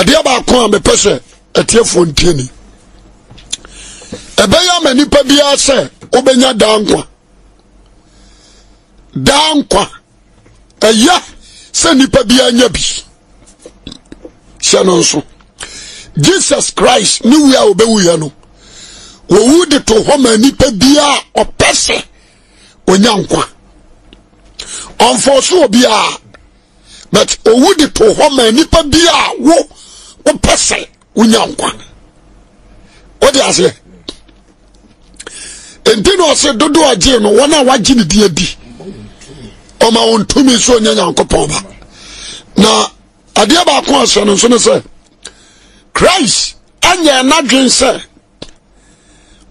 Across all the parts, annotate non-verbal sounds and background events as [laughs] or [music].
adeɛ baako a mepɛ sɛ atiefoɔ ntie ni ɛbɛyɛ ama nnipa biara sɛ wobɛnya daa nkwa daa nkwa ɛyɛ sɛ nnipa biara nya bi hyɛ no nso jesus christ ne wu a wɔbɛwuyɛ no wɔwu de to hɔ ma nnipa biara ɔpɛ sɛ ɔnya nkwa ɔmfɔɔso obiara but ɔwu de to hɔ ma nnipa biara wo wopɛ sɛ wonya nkwa wode aseɛ enti na ɔse dodoɔ agyee no wɔn a wagye ne di adi ɔma wɔn tumi nso ɔnyɛ nyankopɔn ba na adeɛ baako a sɛ no nso ne sɛ christ anyɛ n'adwene sɛ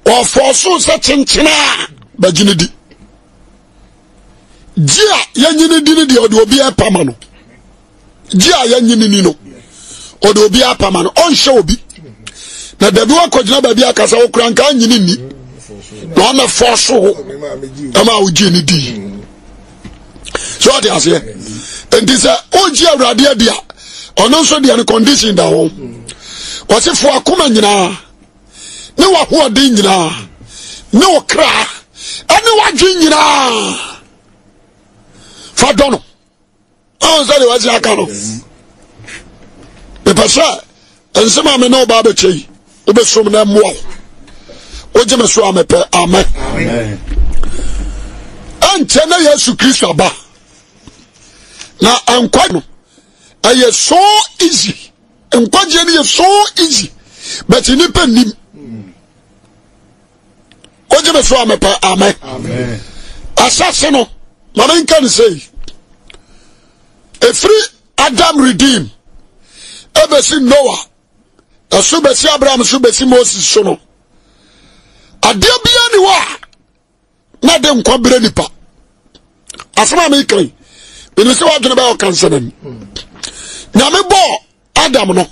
ɔfɔɔso sɛ kyenkyene a bagyene di gye a yɛnyini di no deɛ ɔde obiara pama no gye a yɛnyini ni no ɔde obi apama no ɔnhyɛ obi na dabi wakɔgyina baabi akasa wo kora nka nyini ni na ɔna fɔ so ho ɛma wogye ne dii so ɔte aseɛ enti sɛ wogye awurade adi a ɔno nso deɛ no condition da ho wɔse fo akoma nyinaa ne wahoɔden nyinaa ne wo kraa ɛne wadwe nyinaa fa dɔ no ɔn sɛdeɛ wasi aka no mepɛ sɛ nsɛm a me ne woba bɛkyɛ yi wobɛsom na mmoa wo wogye me so a mepɛ amen ɛnkyɛ na yesu kristo aba na nkwa no ɛyɛ so easy nkwagyeɛ no yɛ so easy but nipa nim wogye me so a mepɛ amen asase no ma menka no sei ɛfiri adam redeem ɛbɛsi noa ɛso bɛsi abraham so bɛsi moses so no adeɛ bia ni hɔ na de nkwa berɛ nipa asɛm a mekan menim sɛ woadwene bɛyɛ ɔka nsɛm ani nyame bɔɔ adam no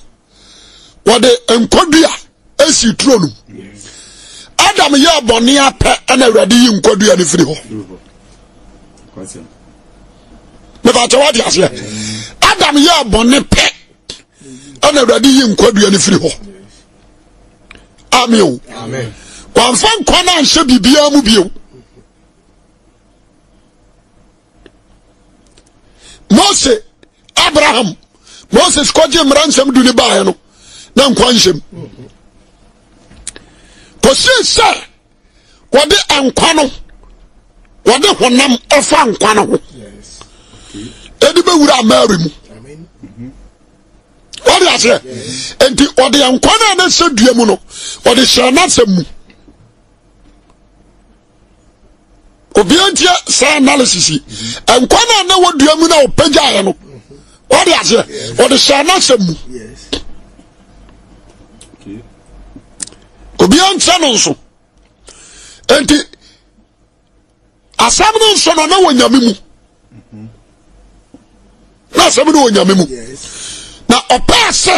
wɔde nkwadua ɛsi turo no adam yɛɛ bɔne apɛ ɛna awurade yi nkwadua no firi hɔ mefakyɛ woade aseɛ adam yɛɛ bɔne pɛ ɛna awurade yi nkwadua no firi hɔ ameo wamfa nkwa no anhyɛ biribiaa mu bio mose abraham moses kɔgye mmara nsɛm du ne baeɛ no na nkwa nhyɛm kɔsie sɛ wɔde nkwa no wɔde honam ɛfa nkwa no ho ɛde bɛwura amaare mu wọ́n aseɛ nti ɔde nkwa no a n'ahyɛ dua mu no ɔde hyɛ n'asɛm mu obiara ntiɛ saa analysis yi nkwa no a n'awɔ dua mu na ɔpagya yɛ no ɔde aseɛ ɔde hyɛ n'asɛm mu obiara nkyɛ no nso nti asɛm no nso no na wɔ nyame mu na asɛm no wɔ nyame mu na ɔpɛɛ sɛ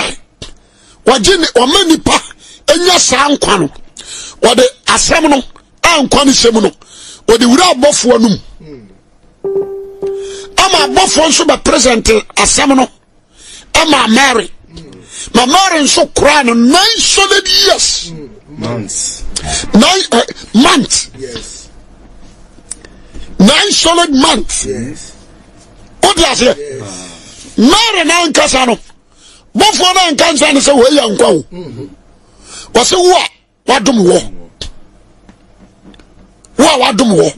wɔgye ne ɔma nipa anya saa nkwa no wɔde asɛm no a nkwa no hyɛ mu no wɔde wura abɔfoɔ no mu ama abɔfoɔ nso bɛpresente asɛm no ama mary ma mary nso koraa no nine solid years months nine uh, months yes. nine solid months yes. wode aseɛ yes. mary na nkasa no bɔfoɔ no anka nsa no sɛ wɔyɛ nkwa wo wɔse wo a wadom wɔ wo a wadom wɔ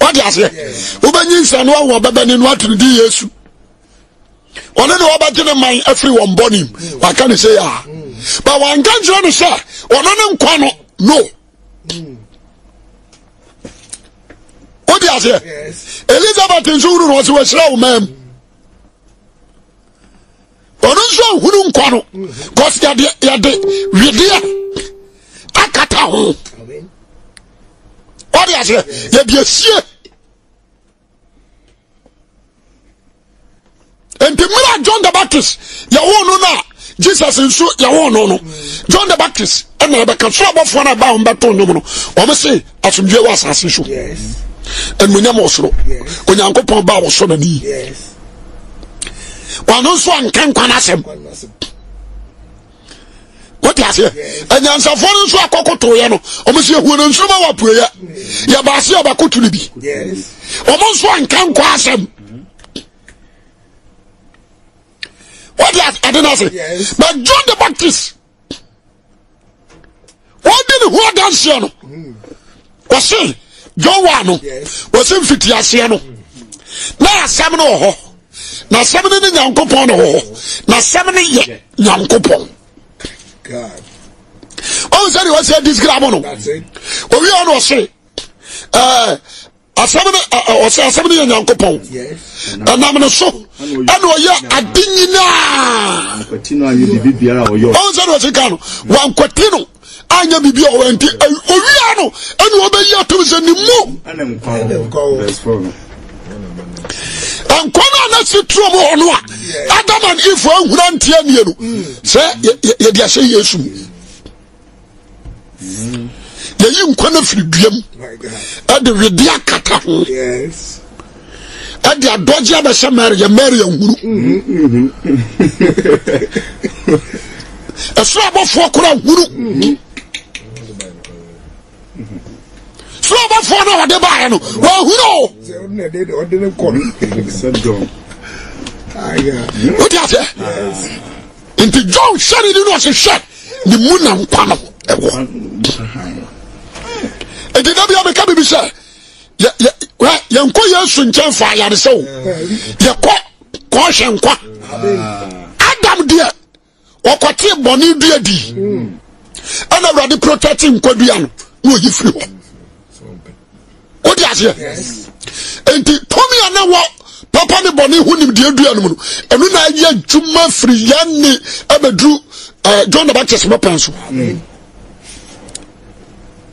wade aseɛ wobɛnyi nsa no wawo ɔbɛbɛne no ato no di yesu ɔne ne wɔbɛgye ne man afiri wɔn bɔnem mm. waka ne sɛ yaa mm. ba wanka nkyerɛ no sɛ ɔno ne nkwa no no mm. wode aseɛ elisabeth nso wuru no ɔse wɔahyira wo mam ɔno nso ahunu nkɔ no cause yɛde yɛde wedeɛ akata ho ɔde aseɛ yɛde asie nti mmerɛ a john the baptist yɛwoo no no a jesus nso yɛwoo no no john the baptist ɛna yɛbɛka soro abɔfoɔ no ɛba a wɔmbɛto nnwom no wɔm se asomdwe wɔ asase so animonyam wɔ soro onyankopɔn ba wɔ so no no yi kwano nso anka nkwan asɛm wote aseɛ anyansafoɔ no nso akɔkotoeɛ no ɔmo sɛ yɛhuo no nsoroma wɔ apueɛ yɛbaase ɔbɛkoto no bi ɔmo nso anka nkwa asɛm wote ade no ase but john the baptist wɔdi ne ho adanseɛ no wɔse john wa no wɔse mfitiaseɛ no na asɛm no wɔ hɔ na asɛm no ne nyankopɔn ne wɔ hɔ na asɛm no yɛ nyankopɔn ɔhu sɛdeɛ wɔsɛ disgrab no owie ɔ ne ɔse asɛm no ɔsɛ asɛm no yɛ nyankopɔn ɛnam ne so ɛna ɔyɛ ade nyinaa ɔhu sɛdeɛ ɔse ka no wankwati no anya biribi a ɔwɔ nti owia no ɛne wɔbɛyi atom sɛ ne mu nkwa no a na si turo mu hɔ no a adam and eve ahuna ntia nie no sɛ yɛde ahyɛ yesu mu yɛyi nkwa no afiri dua mu ɛde wede akata ho ɛde adɔgye abɛhyɛ mary yɛ mary ahuru mm-hmm. ɛsoro abɔfoɔ kora ahuru mm-hmm. soro ɔbɔfoɔ no a ɔde baeɛ no wɔahuro wode aseɛ nti john hyɛ ne ni no ɔhyehyɛ ne mu na nkwa no ɛwɔ nti da bia meka bibi sɛ yɛnkɔ yesu nkyɛn fa ayaresɛ o yɛkɔ kɔɔhyɛ nkwa adam deɛ ɔkɔtee bɔne dua dii ɛna awurade protɛte nkwadua no na ɔyi firi hɔ wode aseɛ enti tumi a na wɔ papa ne bɔne ho nimdeɛ dua no mu no ɛno na ayɛ Juma, firi yɛne abɛduru john the baptist mɛpɛn so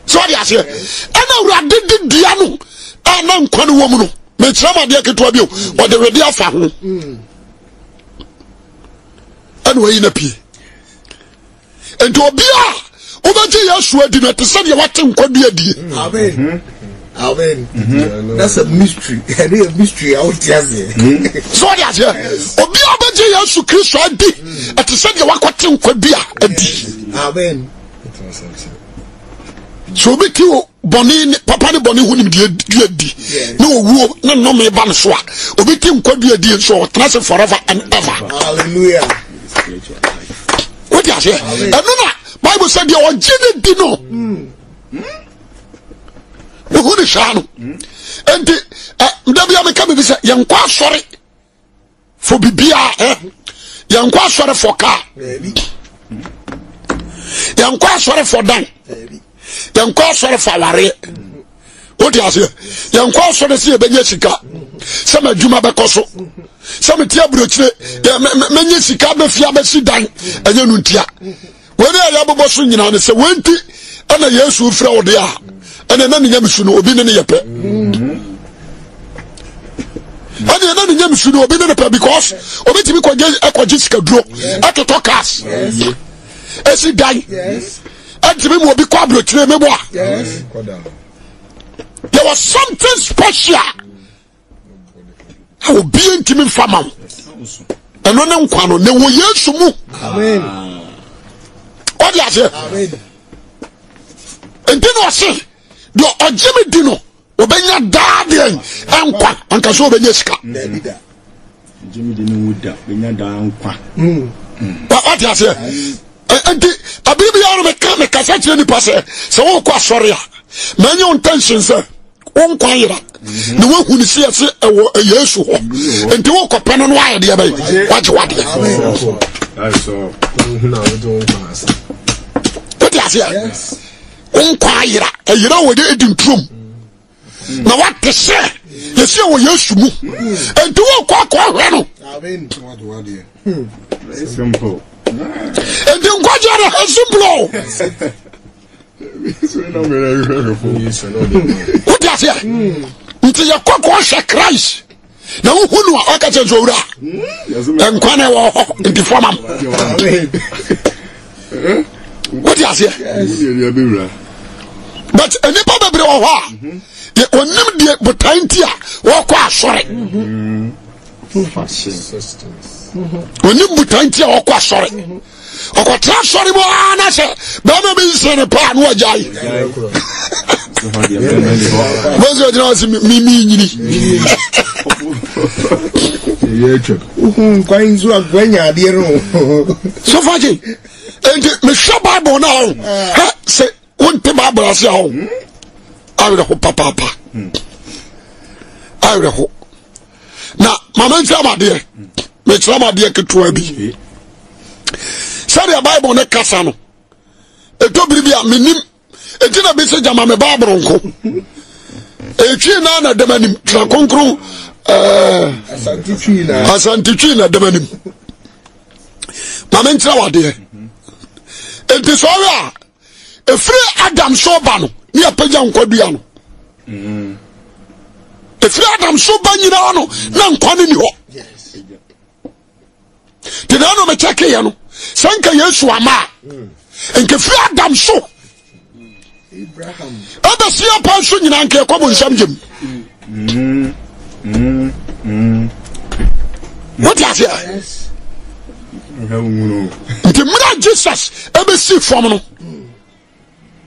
sɛ wode aseɛ ɛna awurade de dua no a na nkwa no wɔ mu no mekyerɛ m adeɛ ketewa bio ɔde wede afa ho ɛna wayi na pie enti obi a wobɛgye yɛ asua adi no ɛte sɛdeɛ wate nkwadua die Amen. mean, mm-hmm. that's a mystery. [laughs] I need a mystery out there. Hmm? So what is it? Obi abeje Yesu Kristo adi. Ẹ hmm. ti sẹ de wa kọte nkwa bia di. Amen. So obi ki o bọni ni papa ni bọni hu ni di di adi. Ne owu o ne nnọọ mi ba ne so a obi ki nkwa di adi nso o tena forever and ever. Hallelujah. What is it? Ẹnu na Bible sẹ de ọjì ni di no. Mm. Mm mehu ne hwaa no enti da bia meka mebi sɛ yɛnkɔ asɔre fo bibia yɛnkɔ asɔre fo kaa yɛnkɔ asɔre fo dan yɛnkɔ asɔre fo awareɛ wode aseɛ yɛnkɔ asɔre sɛ yɛbɛnya sika sɛ madwuma bɛkɔ so sɛ mete aburokyire mɛnya sika bɛfia bɛsi dan ɛnyɛ no ntia wene a yɛbobɔ so nyinaa ne sɛ wenti ɛna yesu frɛ wo deɛ a ɛnna ɛna ne nyam su obi ne ne yɛ pɛ ɛnna ɛna ne nyam su obi ne ne pɛ because obi tìmi kɔ gye ɛkɔ gye sikaduro ɛtotɔ e cars esi dan ɛntìmi e mu obi kɔ aburotire mi bɔ a there was something special a obi e ntìmi nfa ma ɛno ne nkwa no ne wo yesu mu ɔdi ase nti na ɔsi deɛ ɔgye me di no wɔbɛnya daa deɛ ɛnkwa anka sɛ wɔbɛnya sika wate mm. aseɛ nti abiribiara no meka mekasa kyerɛ nipa sɛ sɛ worekɔ asɔre a manyɛ wo ntension sɛ wo nkwa yera mhm. na woahu ne seɛ se ɛwɔ yesu hɔ nti worekɔpɛ no no wayɛ deɛ bɛyɛ wagye wadeɛ wote aseɛ nkɔ ayera ayera wɔde edi nturom hmm. na wate sɛ yɛsi wɔ yesu mu nti wɔkɔ akɔhwɛ no nti nkɔgye no ha simple wote aseɛ hmm. nti yɛkɔ kɔhwɛ christ na wohu no a ɔka kyɛ sɛ owura nkwa ne wɔ hɔ nti fɔmam wote aseɛ but nnipa bebree wɔ hɔ a onim deɛ botae nti a wɔkɔ asɔre onim botae nti a wɔkɔ asɔre ɔkɔtena asɔre mu aa na sɛ bɛrima bi nse ne paa hmm, na wɔgyae bɛsɛ ɔgyina wɔ sɛ meminyini sofagye enti mehwɛ bible no a ah. sɛ wonte bible ase a wo awerɛho papaapa awerɛho na mama nkyerɛ madeɛ mekyerɛ madeɛ ketewa bi sɛdeɛ bible ne kasa no ɛtɔ biri bi a menim ɛti na bi sɛ gyama me bible nko ɛtwii naa na dɛm anim tena kronkron asante twii na dɛm eh, anim mama nkyerɛ wadeɛ ɛnti sɛ a ɛfiri adam so ba no ne yɛpagya nkwadua no ɛfiri adam so ba nyinaa no na nkwa no ni hɔ nti na ɛno mekyɛkeeɛ no sɛ nka yesu ama a nkɛfiri adam so ɛbɛsia pa so nyinaa nka yɛkɔbɔ nsɛm gyam wote aseɛ nti mmerɛ jesus ɛbɛsi fam no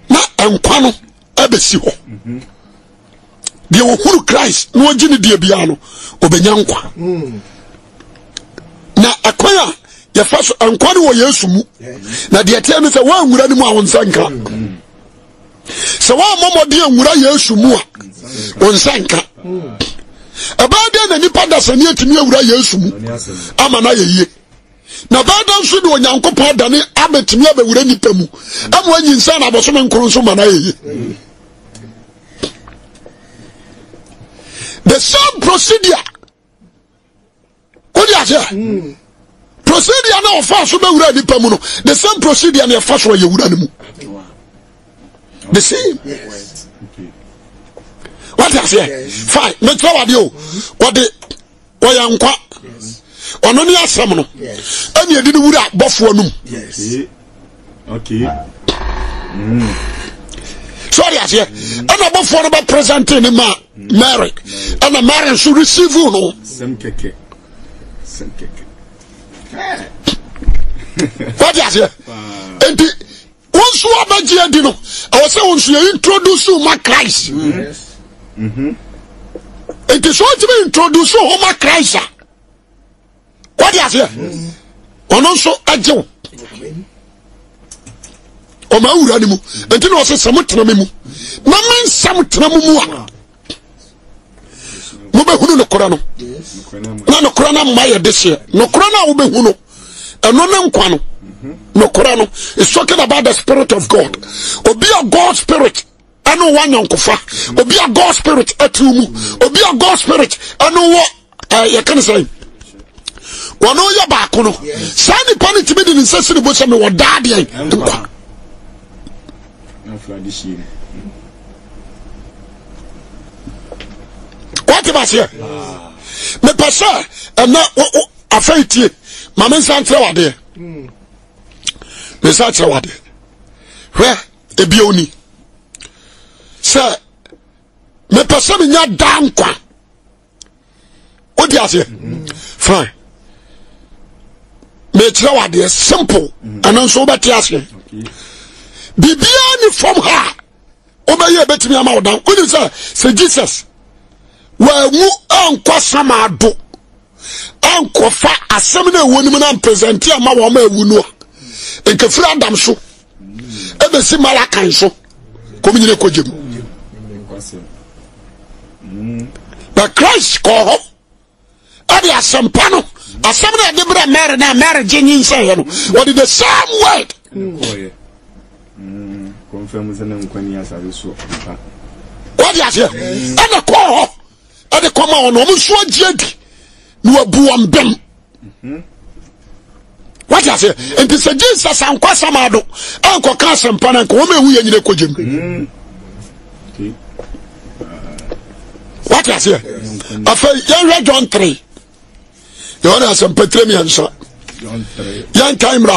na nkwa no ɛbɛsi hɔ deɛ wɔhunu christ na wɔgye ne deɛ biara no ɔbɛnya nkwa na ɛkwan a yɛfa so nkwa no wɔ yesu mu na deɛ teɛ no sɛ woanwura no mu a wo nsa nka sɛ woammɔmmɔden anwura yesu mu a wo nsa nka ɛbɛɛ deɛ na nipa dasane atumi awura yesu mu ama no ayɛyie na bɛɛda nso de onyankopɔn adane abɛtumi abɛwura nnipa mu ama anyi nsa na abɔsome nkoro nso ma no ayɛyi the same procedure wode aseɛ procedure na ɔfa so bɛwura nnipa mu no the same procedure na ɛfa so ayɛwura no mu the same wate aseɛ fine mekyerɛ wadeɛ o wɔde wɔyɛ nkwa ɔno ne asɛm no ɛne ɛdi ne wura bɔfoɔ nom sɔre aseɛ ɛna bɔfoɔ no bɛpresente ne ma mary ɛna mary nso receive no wade aseɛ enti wo nso wabɛgye adi no ɛwɔ sɛ wo nso yɛ introduce ma christ mm. mm-hmm. enti sɛ wotumi introduce homa christ a wọ́n aseɛ ɔno nso agye wo ɔma awura ne mu nti na ɔsɛ sɛ mo tena me mu na me nsɛm tena mo mu a mobɛhunu nokora no na nokora no amma yɛ deseɛ nokora no a wobɛhu no ɛno ne nkwa no nokora no is talking about the spirit of god obi a god spirit ɛne wa nyɔnkofa obi a god spirit atiri mu obi a god spirit ɛne wɔ yɛka ne sɛn wɔn yɛ baako no saa nipa ne tìmi di ne nsa si ne bo sɛ mi wɔ daa deɛ nkwa. wɔte ba seɛ ah. mepɛ sɛ ɛnɛ afɛn tie maame nsa nkyerɛ wadeɛ hmm. nsa nkyerɛ wadeɛ hwɛ ebi oni sɛ mepɛ sɛ menya daa o di aseɛ hmm. fine mekyerɛ wo adeɛ simple ɛno nso wobɛte aseɛ biribiaa ne fam ha a wobɛyɛ bɛtumi ama wo dan wonim sɛ sɛ jesus wɔanwu ankɔ sama ado ankɔfa asɛm no ɛwɔ nim no ampresente ama wɔ ma awu no a nkɛfiri adam so ɛbɛsi malakan so kɔmnyina kɔgye mu but christ kɔɔ hɔ ɛde asɛmpa no asɛm no ɛde berɛ mary na mary gye nyinsɛeɛ no wɔde the same word mm, wode aseɛ ɛne kɔɔ hɔ ɛde kɔma ɔ no ɔmo nso agye adi na wabu wɔn bem mhm. wode aseɛ enti sɛ jesus ankɔ asɛm ado ankɔka asɛmpa no anka wɔma ɛwu yɛ nyina kɔgyem mhm. wate aseɛ afei yɛhwɛ john 3 yohane asɛmpɛtire miɛnsa yɛnka mmra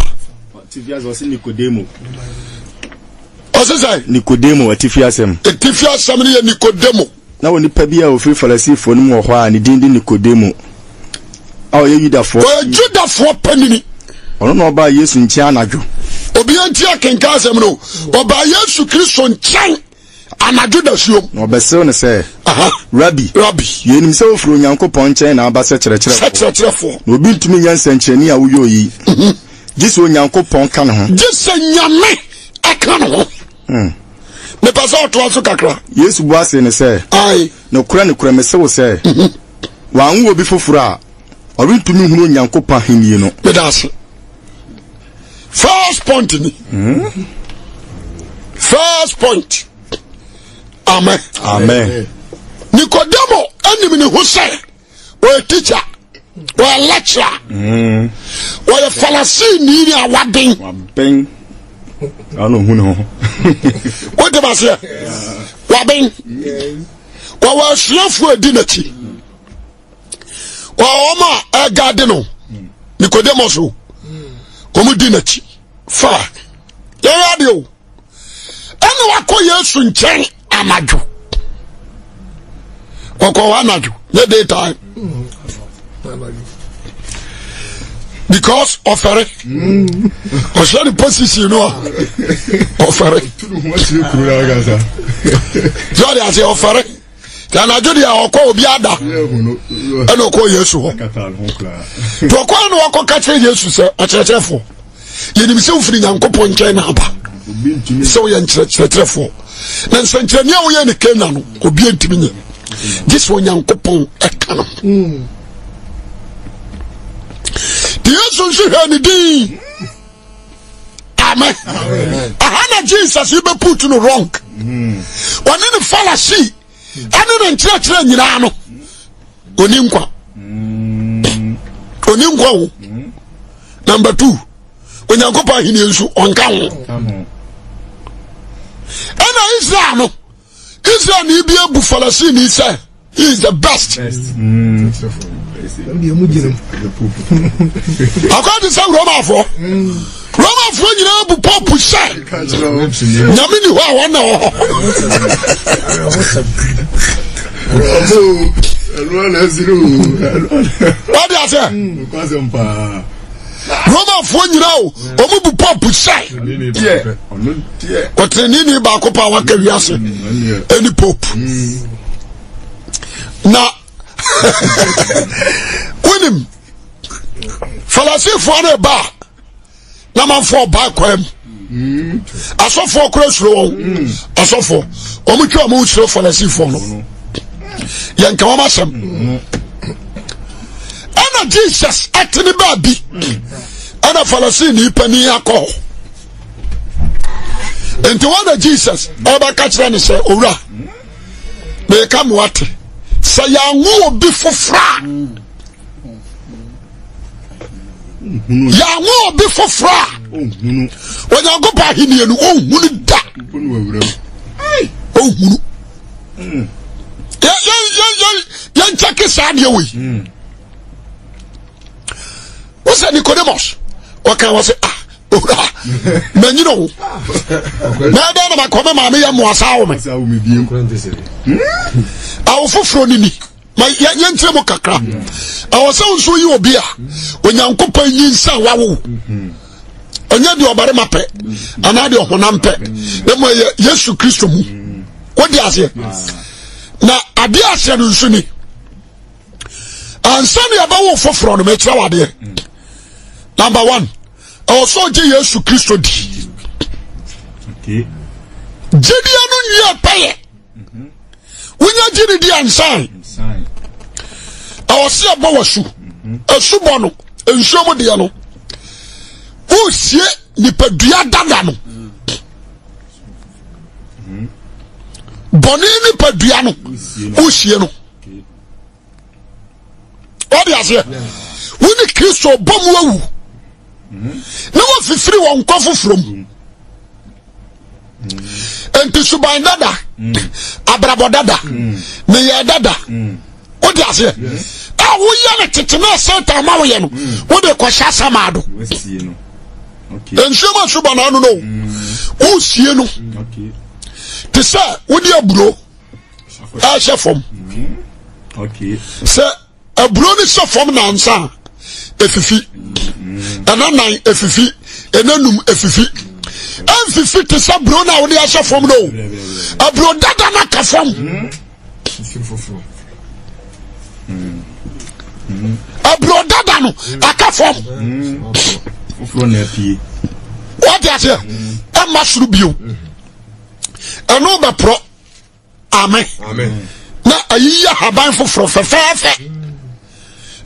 ɔse sɛ nikodemo atifi asɛm ɛtifi asɛm no yɛ nikodemo na wɔ nipa bi a ofiri farisifoɔ no mu wɔ hɔ a ne din de nikodemo a ɔyɛ yudafoɔ ɔyɛ judafoɔ panini ɔno na ɔbaa yesu nkyɛn anadwo obiara nti akenka asɛm no ɔbaa yesu kristo nkyɛn anadwo da suom. na ɔbɛsew ne sɛ. rabi rabi yɛnim sɛ wofiri onyankopɔn nkyɛn na aba sɛ kyerɛkyerɛfoɔ sɛ kyerɛkyerɛfoɔ na obi ntumi nyɛ nsɛnkyerɛni a woyɛ yi mhm. gye sɛ onyankopɔn ka ne ho gye sɛ nyame ɛka ne ho hmm. mepɛ sɛ ɔtoa so kakra yesu bu ase ne sɛ ae nokorɛ nokorɛ mese wo sɛ mhm. wɔanwo obi foforɔ a ɔrentumi hunu onyankopɔn ahennie no meda ase first point ni hmm? first point amen amen nikodemo anim ne ho sɛ ɔyɛ tikya ɔyɛ lecturer ɔyɛ falasini ne awaden ɔno hu ne ho wote baseɛ waben wɔwɔ asuafoɔ adi n'akyi wɔwɔ ɔma a ɛgade no nikodemo so ɔmo di n'akyi fa yɛyɛ adeɛ o ɛne wakɔ yesu nkyɛn anadwo kɔkɔɔ anadwo ne day time because ɔfɛre ɔhyɛ ne position no a ɔfɛre sɛde ase ɔfɛre anadwo deɛ ɔkɔ obi ada ɛna ɔkɔ yesu hɔ nti ɔkɔ na ɔkɔ ka kyerɛ yesu sɛ ɔkyerɛkyerɛfoɔ yɛnim sɛ wofiri nyankopɔn nkyɛn na aba sɛ woyɛ nkyerɛkyerɛfoɔ na nsɛnkyerɛnni a woyɛ ne kenya no obi ntumi nyɛ gye sɛ onyankopɔn ɛka no te yesu nso hwɛ ne din amɛ aha na jesus yi bɛput no wrong ɔne ne falasi ɛne ne nkyerɛkyerɛ nyinaa no ɔni nkwa ɔni nkwa wo number two onyankopɔn ahenie nso ɔnka ho israel no israel ni bi ebu falasini sɛ he is the best. akɔnti sɛ romafoɔ romafoɔ nyinaa bu pɔpu sɛ nyame ni hɔ a wɔn na wɔ hɔ. ase romafoɔ nyinaa o ɔmu bu pɔmpu hyɛ ɔtenenini baako pa waka wiase ɛni pɔmpu na [laughs] wonim falasifoɔ no ɛba a na manfoɔ ɔba kwaa mu asɔfoɔ kora suro wɔn asɔfoɔ ɔmu twa ɔmu suro falasifoɔ no yɛnka wɔn asɛm na jesus ɛtene baabi ɛna farisini panin akɔ hɔ nti wɔn na jesus ɔbɛka kyerɛ ne sɛ owura mɛka mu ate sɛ yɛanwo obi foforɔ a yɛanwo obi foforɔ a onyankopɔn ahenniɛ no ɔnhunu da ɔnhunu yɛnkyɛke saa deɛ wei o sɛ nicodemus ɔka wɔ sɛ ah owura manyina wo na ɛdɛn na makɔmɛ maame yɛ mmoasa wo me awo foforɔ no ni yɛnkyerɛ mu kakra awɔ sɛ nso yi obi a onyankopɔn yi nsa wawo ɔnyɛ deɛ ɔbarema pɛ anaa deɛ ɔhonam pɛ na ɛyɛ yesu kristo mu wode aseɛ na adeɛ aseɛ no nso ni ansa ne yɛbɛwo foforɔ no makyerɛ wadeɛ number one ɛwɔ sɛ ɔgye yesu kristo di gyedeɛ mm-hmm. no nwie pɛyɛ wonya gye ne di ansan ɛwɔ sɛ ɛbɔ wɔ su ɛsu bɔ no nsuo mu deɛ no wosie nipadua dada no mm-hmm. bɔne nipadua no wosie no ɔde aseɛ wo ne kristo bɔ mu awu na wɔfifiri wɔn nkɔ foforɔ mu nti suban dada abrabɔ dada meyɛ dada wode aseɛ a woyɛ no tete na satan ma woyɛ no wode kɔhyɛ asamaa do nsuom asuba na ano no wosie no te sɛ wode aburo ɛhyɛ fam sɛ aburo no hyɛ fam nansa a efifi ɛna nan efifi ɛna num efifi ɛnfifi te sɛ buro na wɔde ahyɛ fam no aburo dada na ka fam aburo dada no aka fam wɔde aseɛ ɛma soro bio ɛno bɛporɔ amen na ayiyi ahaban foforɔ fɛfɛɛfɛ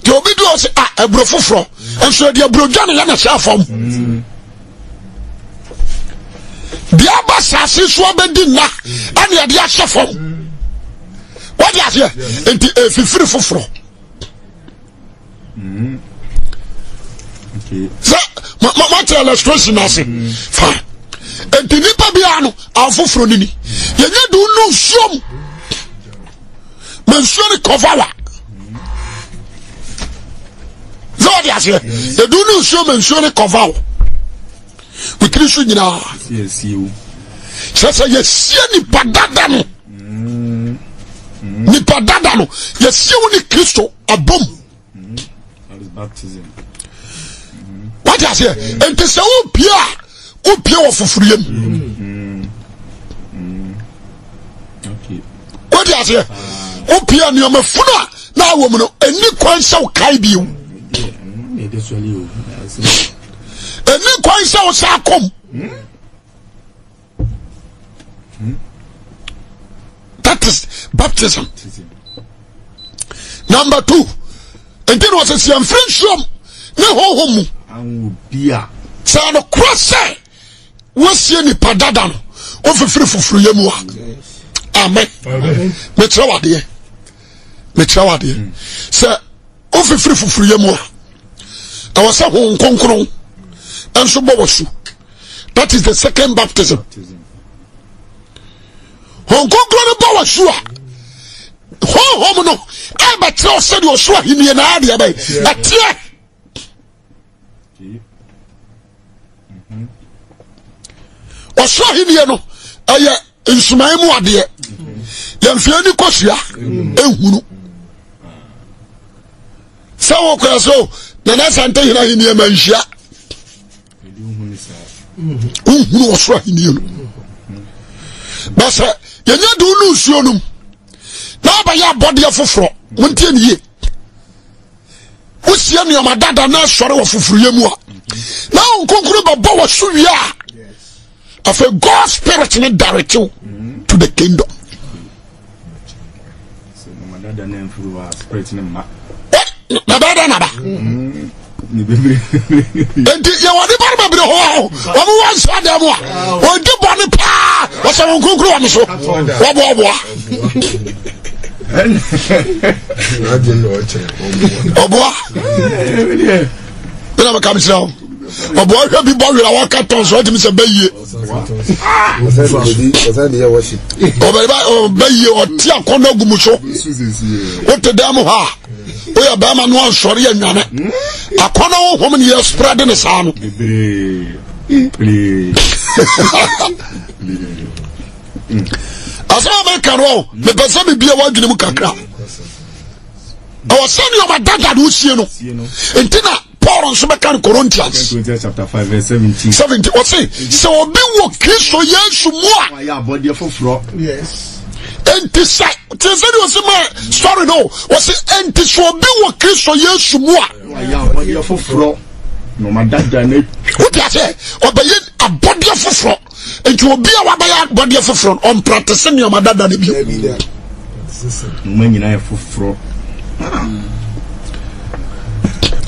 deɛ obi di ɔsi a aburo foforɔ nso deɛ aburo gya ne yɛ na hyɛ afam deɛ aba saase so abɛdi nna ɛna yɛde ahyɛ fam wɔde aseɛ nti efifiri foforɔ sɛ ma ma ma te illustration na se fine nti nipa bi ano afoforɔ nini yɛnyɛ de o nu nsuom mɛ nsuo ne kɔfa wa. wadi aseɛ edu ne nsuo ma nsuo ne kɔva o wotiri so nyinaa kyerɛ sɛ yɛsie nipa dada no mm-hmm. nipa dada no yɛsie wo ne kristo abom mm-hmm. mm-hmm. wadi aseɛ nti sɛ wopie a wopie wɔ foforiyam mm. mm. okay. wadi aseɛ wopie nneɛma funu a na awɔ mu no ɛni kwan sɛ wokae bio ɛni kwan sɛ wo sa kom that is baptism number two nti na wɔsɛ siɛ mfiri nsuom ne honhom mu sɛ nokorɔ sɛ woasie nipa dada no wofifiri foforɔyɛ mu a amen mekyerɛ wadeɛ mekyerɛ wadeɛ mm. sɛ wofifiri foforɔyɛ mu a ɛwɔ sɛ honhom kronkron ɛnso bɔ wɔ so that is the second baptism honhom kronkron no bɔ wɔ so a honhom no ɛbɛkyerɛ wɔ sɛdeɛ ɔsoro ahenniɛ na adeɛ bɛyɛ ɛteɛ ɔsoro ahenniɛ no ɛyɛ nsumae mu adeɛ yɛmfia ni kɔsua ɛhunu sɛ wɔkɔɛ sɛ yɛna asante hena ahenniɛ ma nhyia wohunu ɔsoro ahenniɛ no na sɛ yɛnya de wo no nsuo nom na wabɛyɛ abɔdeɛ foforɔ wontie ne ye wosie nneɔma dada na asɔre wɔ foforɔyɛ mu a na wo nkonkuro bɛbɔ wɔ so wie a afei god spirit ne daretew to the kingdom bɛbɛ dɛ naba nti yɛwɔ nipa no bebree hɔ wɔm wɔ nsɛ dɛ mu a ɔdi bɔne paa wɔsɛ wo nkonkuro wɔ me so wɔboaboa ɔboa bena meka mekyerɛ wo ɔboa hwɛ bi bɔ werɛ a wɔka tɔn so watumi sɛ bɛyie bɛyie ɔte akɔnɔ agu mu so wote dɛ mu hɔ a woyɛ bɛrima no ansɔre anwane akɔnɔ wohom ne yɛsprɛde ne saa no asɛm meka no mepɛ sɛ mebia woadwene mu kakra ɛwɔ sɛ ne ɔmadada ne wosie no enti na paul nso bɛka no corinthians 17 ɔse sɛ obi wɔ kristo yesu mu a enti sɛ tiɛ sɛ de o ma sɔre no o si enti sɛ obi wɔ kristu yesu mu a. o ti a sɛ ɔbɛyɛ abɔdeɛ foforɔ nti obi a wabɛyɛ abɔdeɛ foforɔ no ɔmprate sɛ nneɛma dada ne bio. nneɛma nyinaa yɛ foforɔ.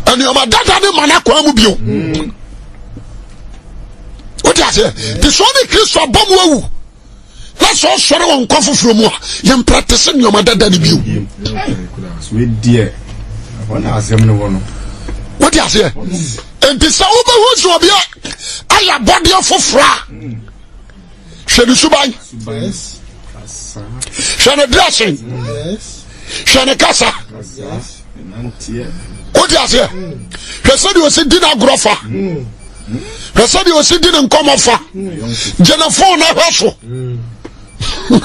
nneɛma dada ne ma na kwan mu bio. o hmm. ti a sɛ tisɔɔ ni kristu abɔmu ewu na sọ sọrọ wọn nkọ foforọ mu a yẹn practice nneọma dada ni bio. wọ́n ase yẹ nti sẹ wọ́n bẹ hu sọ obi a ayẹ abọ́deẹ foforọ a hwẹ ni suban hwẹ ni dressing hwẹ ni kasa wọ́n ti ase yẹ hwẹ sẹ́ni o si di na agorɔ fa. Mm hwɛ sɛdeɛ ɔsi di ne nkɔmmɔ fa gyene fon na hwɛ so wode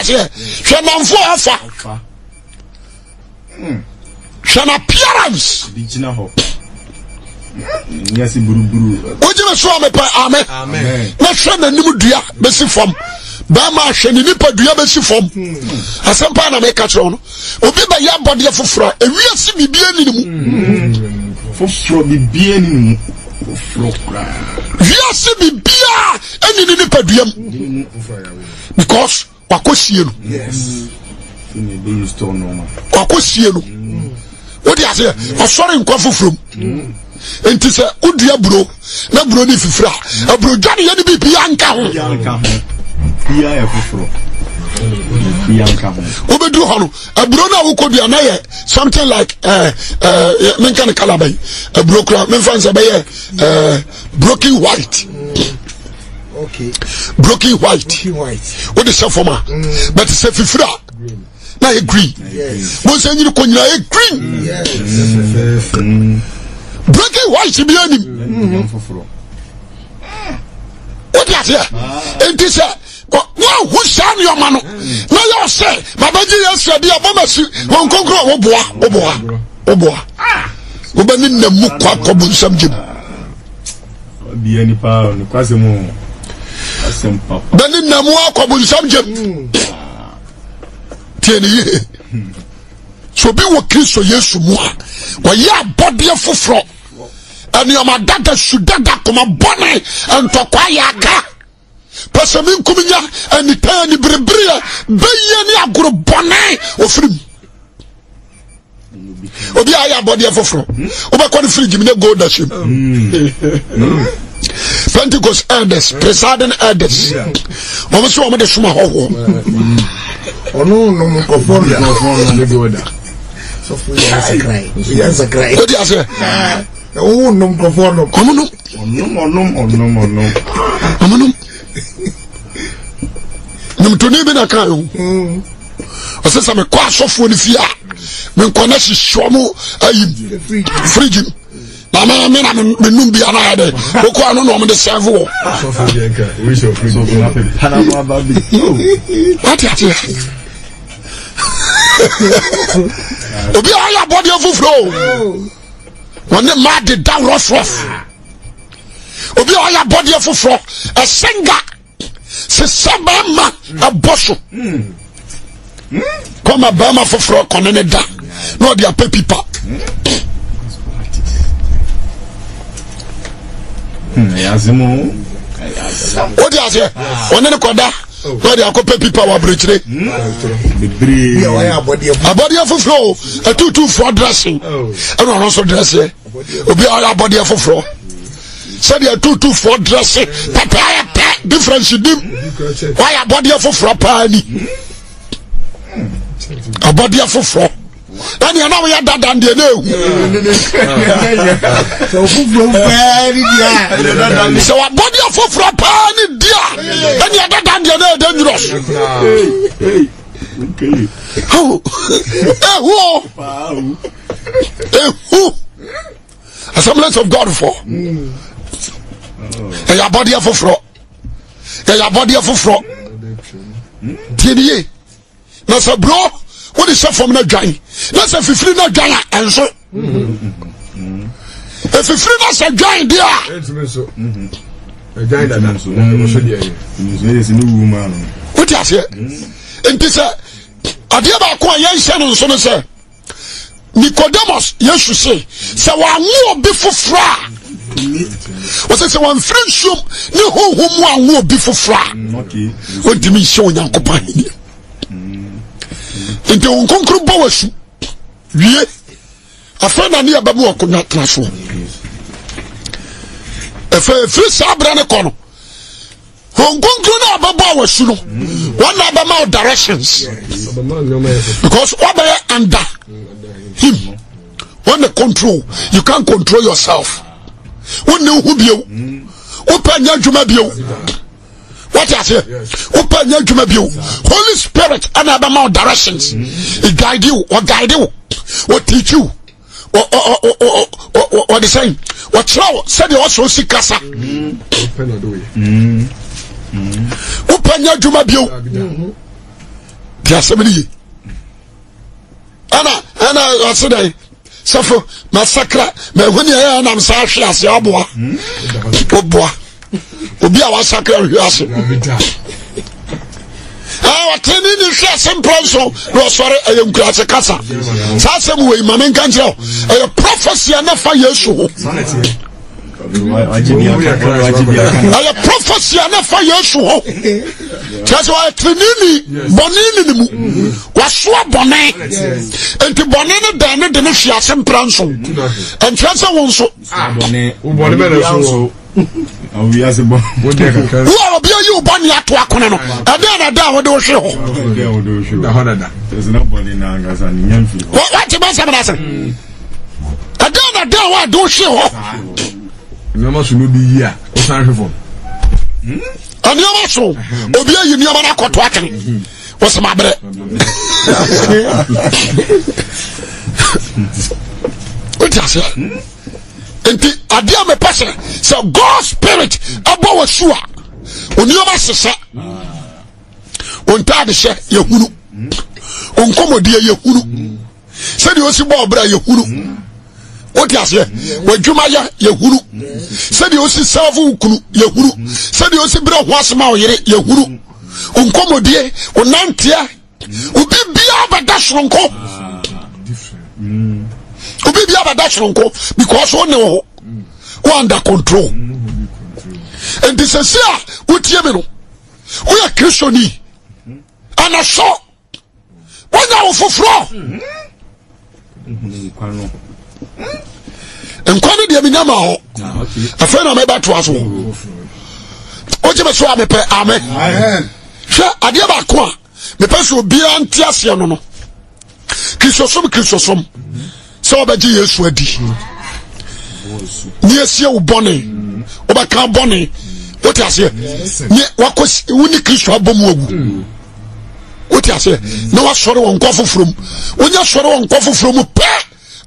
aseɛ hwɛ namfo afa hwɛ na appearance wogyeme so a mepɛ amɛ na hwɛ n'anim dua bɛsi fam bɛma ahwɛ ni nipa dua besi fam asɛm paa na meka kyerɛ wo no obi bɛyɛ abɔdeɛ foforɔ a ewiase biribia ni ne mu foforɔ biribia ni ne mu foforɔ koraa wiase bibia ɛne ne nipadua mu because wakɔ sie no wakɔ sie no mm. wode aseɛ ɔsɔre nkwa foforom mm. nti sɛ wodua buro na buro ne fifiri a mm. aburodwane yɛ ne biribia nka ho wobɛdu hɔ no aburo no a wokɔ dua na yɛ something like eh, eh, menka ne kala bɛyi aburo kora memfa n sɛ bɛyɛ eh, broken white broken white wode sɛ fam mm. a but sɛ fifiri a na yɛ green wonsɛ nyiri kɔ nyina yɛ green broken white bianim mm-hmm. wode aseɛ ah. enti sɛ wọn hu saa nneɛma no na yɛ ɔsɛ babagye yɛ sɛ bi abɔ ma si wɔn nkonkoro a wɔboa wɔboa wɔboa wɔbɛni nam mu kɔ akɔbu nsɛm gyem. bɛni nam mu akɔbu nsɛm gyem tie ne yie so bi wɔ kristo yesu mu a wɔyɛ abɔdeɛ foforɔ ɛnneɛma dada su dada kɔma bɔnne ntɔkwa yɛ aka pɛsɛ mi nkum nya anitaa ni biribiri a bɛyɛ ni agoro bɔnɛ ofirim obi a yɛ abɔdeɛ foforɔ wobɛkɔ ne firigi mi ne gold ahyɛ mu pentecost elders presiding elders wɔn nso wɔn de soma ahɔhoɔ. ɔno nom nkɔfoɔ nkɔfoɔ nom de ɔda sɔfo yansa krai o di ase. ɔwɔ nom nkɔfoɔ nom. ɔmo nom. ɔnom ɔnom ɔnom ɔnom. ɔmo nom nimtoni bi na kan ho ɔsɛ sɛ mekɔ asɔfoɔ no fie a menkɔ na hyehyɛ mo ayi firigi mu na ma me na menum bi ana yɛ dɛ wokɔ ano na ɔmde sɛve wɔ wate ateɛ obi a ɔyɛ abɔdeɛ foforɔ o wɔne ma deda rɔsrɔf obi a ɔyɛ abɔdeɛ foforɔ ɛsenga sesɛ bɛrima ɛbɔ hmm. so hmm. hmm? kɔma bɛrima foforɔ kɔne ne da na ɔde apɛ pipa wode aseɛ ɔne ne kɔda oh. na ɔde akɔpɛ pipa wɔ aberɛkyire abɔdeɛ foforɔ o atutufoɔ dressing oh. ɛna ɔno nso dresseɛ obi a ɔyɛ abɔdeɛ foforɔ sɛdeɛ tutufoɔ drɛse pɛpɛɛpɛ difference dim wayɛ abɔdeɛ foforɔ paa ni abɔdeɛ foforɔ ɛnea na woyɛ dadan deɛ na ɛhu sɛ wabɔdeɛ foforɔ paa ne di a ɛnea dadan deɛ na ɛda nwurɔs ɛhu ɛhu assemblies of god for mm ɛyɛ abɔdeɛ foforɔ ɛyɛ abɔdeɛ foforɔ tie ne ye na sɛ buro wode hyɛ fam no adwan na sɛ fifiri no adwan a ɛnso ɛfifiri no sɛ dwan deɛ a wote aseɛ nti sɛ adeɛ baako a yɛnhyɛ no nso no sɛ nicodemus yesu se sɛ wɔanwo obi foforɔ a wɔsɛ sɛ wɔmfrɛ nsuom ne honhom mu awo obi foforɔ a ɔntimi nhyɛ onyankopɔn ahenniɛ nti wo nkonkro bɔ wasu wie afei na ne yɛbɛma wakonnwa tena soɔ ɛfiri saa berɛ ne kɔ no honkonkro no abɛbɔ a wasu no wɔna abɛma wo directions because wabɛyɛ under him wɔne control you can't control yourself wone ho bio wopɛ nyɛ adwuma bio wate aseɛ wopɛ nyɛ adwuma bio holy spirit ana ɛbɛma wo directions ɛguide wo ɔguide wo ɔteakyi wo ɔde sɛn ɔkyerɛ wo sɛdeɛ ɔsɛ ɔsi kasa wopɛ nyɛ adwuma bio deɛ asɛm no ye ɛna ɛna ɔse dɛn sɛfo masakra mahuni ɛyɛ nam saa hwe ase aboa woboa obi a wasakra nhwe ase ɔtene ne hwe ase mprɛ nso na ɔsɔre ɛyɛ nkurase kasa saa sɛm wei ma menka nkyerɛ ɛyɛ prophesia na fa yesu ho ɛyɛ prophecy a na fa yesu hɔ kyerɛ sɛ wɔyɛ tirinini bɔne ne ne mu wasoa bɔne enti bɔne ne dɛn ne de ne hwe ase mpra nso ɛnkyerɛ sɛ wo nso wo a obia yi wo bɔne ato akone no ɛdɛn na da a wode wo hwe hɔ wate bɛsɛm no ase ɛdɛn na da a woade wo hwe hɔ nneɛma so no bi yi a wosan hwe fam nneɛma so obi ayi nneɛma no akɔto akene wɔsɛ maberɛ wote aseɛ nti adeɛ a mepɛ sɛ sɛ god spirit ɛbɔ wɔ su a onneɛma sesɛ ontaade hyɛ yɛhunu onkɔmmɔdeɛ yɛhunu sɛdeɛ ɔsi bɔɔ berɛ yɛhunu wote aseɛ wadwuma yɛ yɛhuru sɛdeɛ osi saafo wo kunu yɛhuru sɛdeɛ osi berɛ ho asoma wo yere yɛhuru nkɔmmɔdie wo nanteɛ obi biaa bɛda soronko obi biaa bɛda soronko because wo ne wo ho wo under control enti sɛ si a wotie me no woyɛ kristoni anasɔ wonya wo foforɔ Hmm? nkwa no deɛ menya ma hɔ ah, afei na mɛbɛtoa so wogye me so a mepɛ ame hwɛ adeɛ baako a mepɛ sɛ obiara nte aseɛ no no kristosom kristosom sɛ wobɛgye yesu adi ne yɛsie wo bɔne wobɛka bɔne wote aseɛ wone kristo abɔ mu awu wote aseɛ na wasɔre wɔ nkɔ foforom wonyɛ sɔre wɔ nkɔ foforom pɛɛ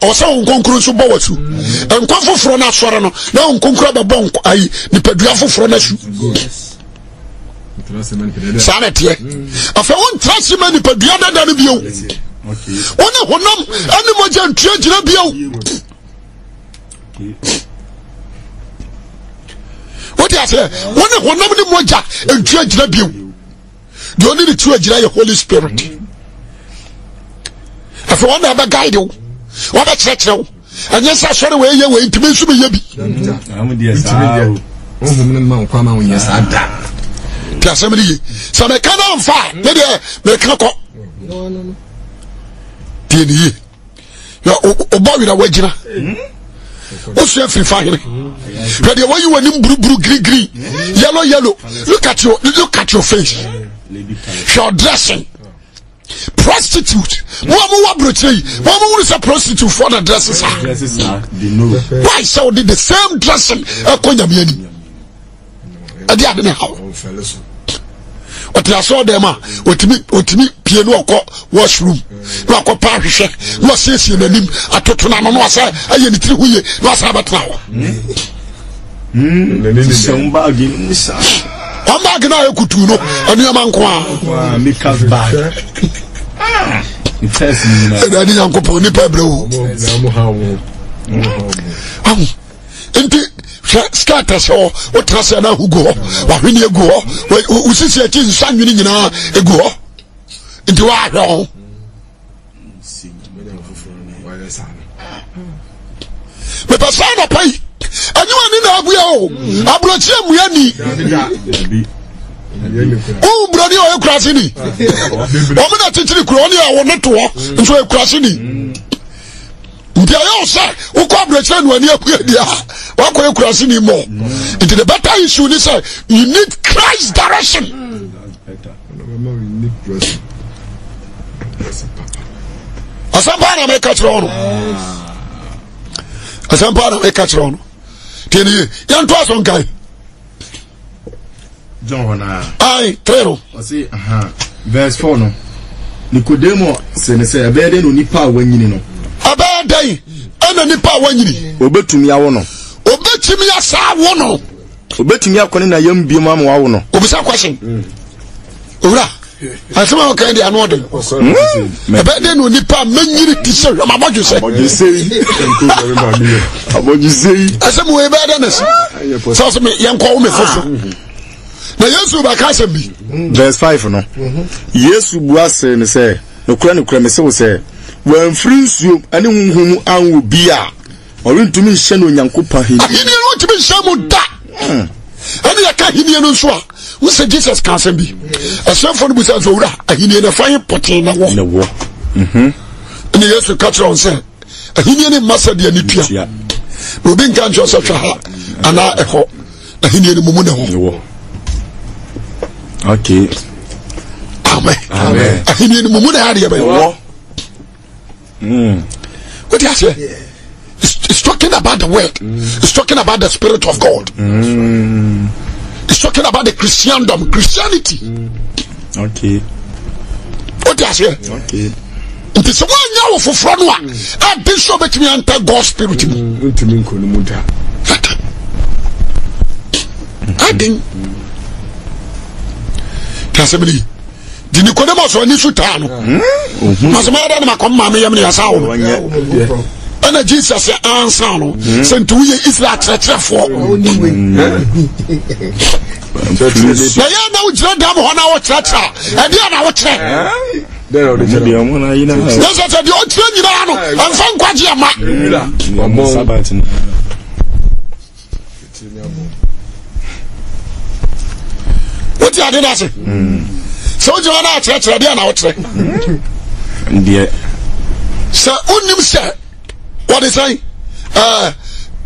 ɔsɛ wo nkonkuro nso bɔ wasu nkwa foforɔ no asɔre no na wo nkonkuro bɛbɔ ayi nipadua foforɔ no asu saa na teɛ afei wontra se ma nipadua dada no bio wone honam ane mogya ntua gyina bio wote aseɛ wone honam ne mogya ntua gyina bio deɛ ɔne ne tua gyina yɛ holy spirit afei wɔne ɛbɛguide wo wɔbɛkyerɛkyerɛ wo ɛnyɛ sɛ asɔre wɔɛyɛ wei ntimi nso meyɛ bi nti asɛm no ye sɛ meka no mfa a ne deɛ meka kɔ tie ne yie ɔbɔ werɛ woagyina wosu afiri fa hene hwɛ deɛ wayi w'anim buruburu girigiri yellow yellow look at your look at your face hwɛ ɔdressing prostitute wọn mu wa burukye yi wọn mu wuli sɛ prostitute for the dresses ha ah. why sɛ o de the same dressing ɛkɔ e nyamea ni ɛdi e adi ni ha ɔtí asɔ dɛm a otimi otimi pie no ɔkɔ washroom na ɔkɔ paa ahwehwɛ na ɔsiesie n'anim atoto n'ano na ɔsɛ ɛyɛ ne tiri ho yie na ɔsɛ abɛtena hɔ. sisan baagi ni sisan handbag na ayɛ kutu no ɛnneɛma nko a ɛdade nyankopɔn nipa brɛ o ahu nti hwɛ skirt sɛ hɔ wotena sɛ na ahu gu hɔ wahwene agu hɔ wosisi akyi nsa nwene nyinaa agu hɔ nti woahwɛ ho mepɛ saa nɔpa yi ɛnyiwa ni na abua o aburokyi emua ni wowu buroni a ɔyɛ kurase ni ɔmo na kyikyiri kuro ɔne a wɔne toɔ nso yɛ kurase ni nti ɛyɛ wo sɛ wokɔ aburokyi no ani apue deɛ a woakɔ yɛ kurase ni mmɔ nti the better issue ni sɛ you need Christ direction asɛmpa na mɛka kyerɛ wo no asɛmpa na mɛka kyerɛ wo no tiɛ yan to a sɔn ka ye. jɔn hɔn naa. ayi tere o. ɔsi verse four no nikodemo sɛnɛsɛ ɛbɛyɛ den no nipa a wɔnyini no. ɛbɛyɛ den ɛna nipa a wɔnyini. obetumi awɔ no. obetumi asa awɔ no. obetumi akɔni na yɛn bie mu ama wɔawɔ no. obisa kɔsi. owura. Mm asem a ɔkan de ano ɔden hmm. ɛbɛ de no nipa a mɛnyiri ti sɛ hwɛ mabɔdwe sɛ asɛm wei bɛɛ dɛ ne se sɛ ɔsɛ me yɛnkɔ wo me foso hmm. na yesu bɛka asɛm bi hmm. vers 5 no yesu bua sere ne sɛ nokora nokora me se wo sɛ wɔamfiri nsuom ane honhom mu anwo bi a ɔrentumi nhyɛ no onyankopɔn ahenni no ɔtumi nhyɛ mu da ɛne yɛka ahenniɛ no nso a wo jesus ka asɛm bi asuafoɔ no busa sɛ owura ahenniɛ no ɛfa pɔtee na wɔ ɛne mhm. yesu ka kyerɛ wo sɛ ahenniɛ no mma sɛ deɛ ne tua na obi nka nkyerɛ sɛ hwɛ ha anaa ɛhɔ ahenniɛ no mumu ne hɔ amen ahenniɛ no mumu ne ha deɛ bɛyɛ hmm. wote aseɛ talking about the word. Mm. It's talking about the spirit of God. Mm. It's talking about the Christendom, Christianity. Mm. Okay. What does it? Okay. nti sɛ woanyɛ wo foforɔ no a ade sɛ wobɛtumi anta god spirit mu ntumi mm, nkɔ no mu da aden tasɛm ne di nikodemos ani so taa no mm. masɛmayɛda ne makɔm ma meyɛm ne yɛsa wo no ɛna jesus ansa no sɛ nti woyɛ israel kyerɛkyerɛfoɔ na yɛ na wogyina dam hɔ na wokyerɛkyerɛ a ɛdeɛ na wokyerɛ na sɛ sɛ deɛ ɔkyerɛ nyinaa no ɛmfa nkwagye ɛma wote ade no ase sɛ wogyina hɔ na akyerɛkyerɛ deɛ na wokyerɛ sɛ wonim sɛ wɔde sɛn ɛɛ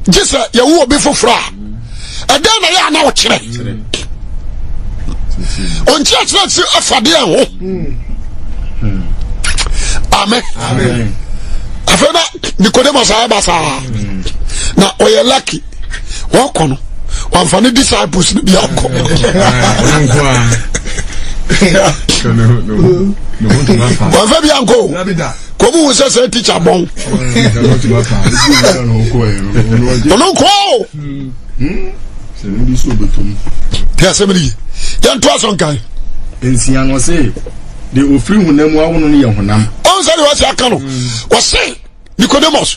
gye sɛ yɛwo obi foforɔ a ɛdɛn na yɛ ana ɔkyerɛ ɔnkyerɛkyerɛ ti afadeɛ ho amen afei na nicodemus ayɛ basaa na ɔyɛ lucky wɔkɔ no wɔamfa ne disciples no bi akɔ wɔmfa bi ankɔ o kò mú sẹ sẹ tíṣà bọ́n. ọ̀nà kọ́ ọ́. tí a sẹ́mi nìyí yẹn tó aṣọ nǹkan. nsìyànwó sè de òfin hunam àwọn ni yẹn hunam. ọ̀n sẹ́ni wọ́n ti aka no wọ́n sẹ́ nicodemus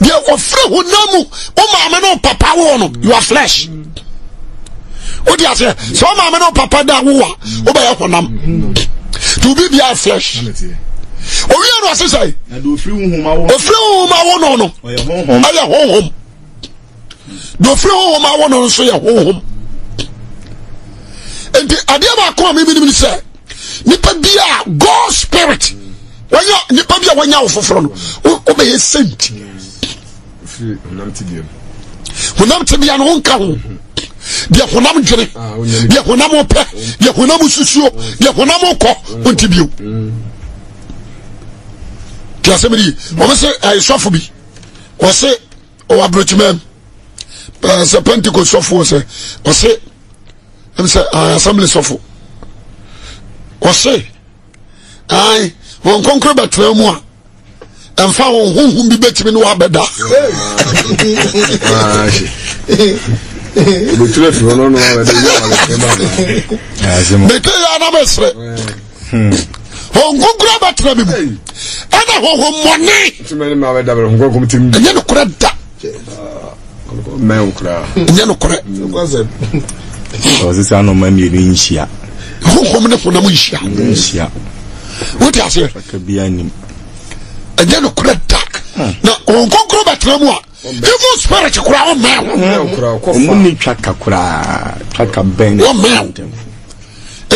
deɛ ɔfiri hunam o maame no papa wɔ no you are flesh. o di aseɛ sɛ ɔmaame no papa da awo wa o bɛ yɛ hunam to be their flesh. Mm -hmm owie no ase sɛe ofiri honhoma wo no no ɛyɛ honhom deɛ ofiri honhom a wo no nso yɛ honhom nti adeɛ baako a mebinim ne sɛ nipa bi a god spirit wanya nipa bi a wanya wo foforɔ no wobɛyɛ sent honam tebea no wonka ho deɛ honam dwene deɛ honam pɛ deɛ honam susuo deɛ honam kɔ wonti bio ti asɛm ni wɔn sɛ ɛyɛ sɔfo bi wɔsɛ ɔwɔ aburokyimɛ ɛɛ sɛ pɛntiko sɔfo sɛ wɔsɛ ɛm sɛ ɛɛ asɛmli sɔfo wɔsɛ ɛɛ wɔn kɔnkɔn bɛ tena mu a ɛnfa wɔn huhun bi bɛtumi ni wɔn abɛda. bùtúrẹ́ fi wọn lọ́nà wọn bẹ̀ dé yíyá wọn lè fẹ́ bá wọn. bẹ̀tẹ̀ yà á nábẹ̀ nkukura bɛ tẹrɛ mi mu ɛna hɔhɔ mɔni ɛnyɛ nukurɛ da ɛnyɛ nukurɛ. sisan n'o ma ni mienu nhyia. hɔhɔm ne fɔnamu nhyia. nhyia. o ti a se. ɛnyɛ nukurɛ da na nkukura bɛ tẹrɛ mu a evil spirit kura o mɛ. ɔmu ni twaka kura twaka bɛn. o mɛ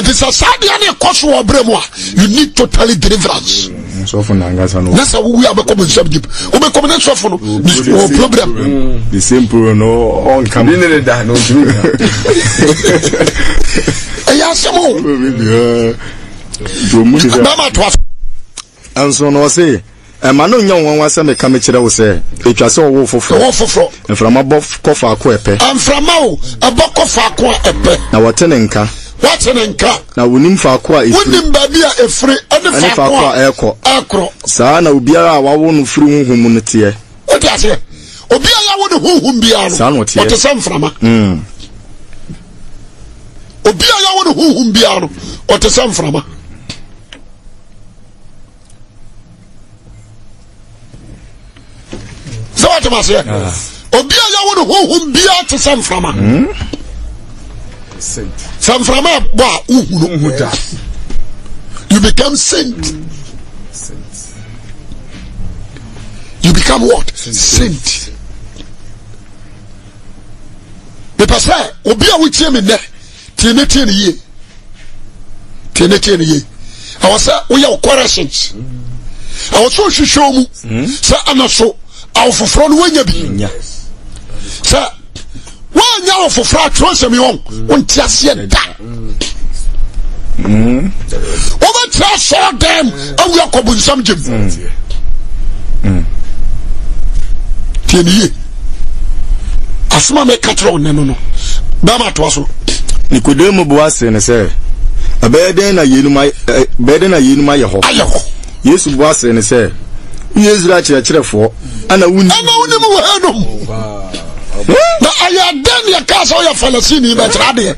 nti sɛ saa deɛ ne ɛkɔ so wɔ berɛ mu a you need totally deliverance na sɛ wowu a wobɛkɔ mu nsɛm gyip wobɛkɔ mu ne nsɔfo no wɔ problem the same problem no ɔnkam ne ne da na ɔntumi ɛyɛ asɛm o bɛma toa so ɛnso na ɔse ɛma no nya wɔn asɛm ɛka me kyerɛ wo sɛ ɛtwa sɛ ɔwo foforɔ ɔwo foforɔ mframa bɔ kɔ faako ɛpɛ mframa o ɛbɔ kɔ faako ɛpɛ na wɔte ne nka wate ne nka na wonim faako a ɛfiri wonim baabi a ɛfiri ɛne faako a ɛkɔ ɛkorɔ saa na obiara a wawo no firi honhom no teɛ wote aseɛ obiara yawo ne honhom biara no saa na ɔteɛ ɔte sɛ mframa mm. obiara yawo ne honhom biara no ɔte sɛ mframa sɛ wote maseɛ obiara yawo ne honhom biara te sɛ mframa mm sɛ mframa bɔ a wohu no da you become saint you become what saint mepɛ sɛ obi a wotie me nnɛ tie ne tie ne yie tie ne tie ne yie ɛwɔ sɛ woyɛ wo corrections ɛwɔ mm. sɛ ohwehwɛ mu mm. sɛ ana so awo foforɔ no woanya bi sɛ woanya wo foforɔ atwerɛ nsɛm wɔ wonte aseɛ da wobɛtira sɔɔ dɛm awia kɔbonsam gyem tieniye asoma meka kyerɛ wo nɛ no no bɛma atoa so nikodemo boase ne sɛ ɛbɛyɛ dɛn na yeinom ayɛ hɔ ayɛ hɔ yesu boase ne sɛ woyɛ israel kyerɛkyerɛfoɔ ana wonim wɔ hanom na ɛyɛ dɛn yɛ kaa sɛ woyɛ falasini bɛkyerɛ adeɛ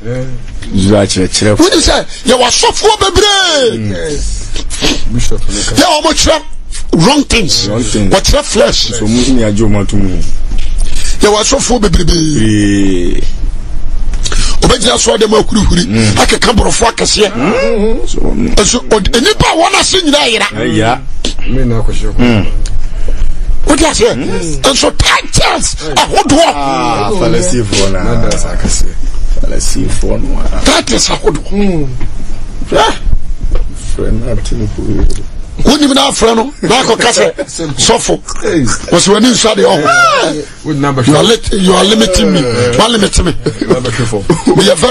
wode sɛ yɛwɔ asɔfoɔ bebree yɛ ɔmo kyerɛ wrong things wɔkyerɛ flesh yɛwɔ asɔfoɔ bebrebee obɛgyina soɔ dɛ ma ahurihuri mm. akeka borɔfoɔ akɛseɛ mm. nso nipa a wɔn ase nyinaa yera o di ase mm. nso titles mm. ahodoɔ. Ah, falasifoɔ na sakasi falasifoɔ no a. titles ahodoɔ. Hmm. Eh? fɛ na tini kuru yɛ. wonim no afrɛ no na akɔka sɛ [laughs] sɔfo wɔsɛ w'ani nsa deɛ ɔ eh. you are limiting me woalimit eh. me meyɛ [laughs]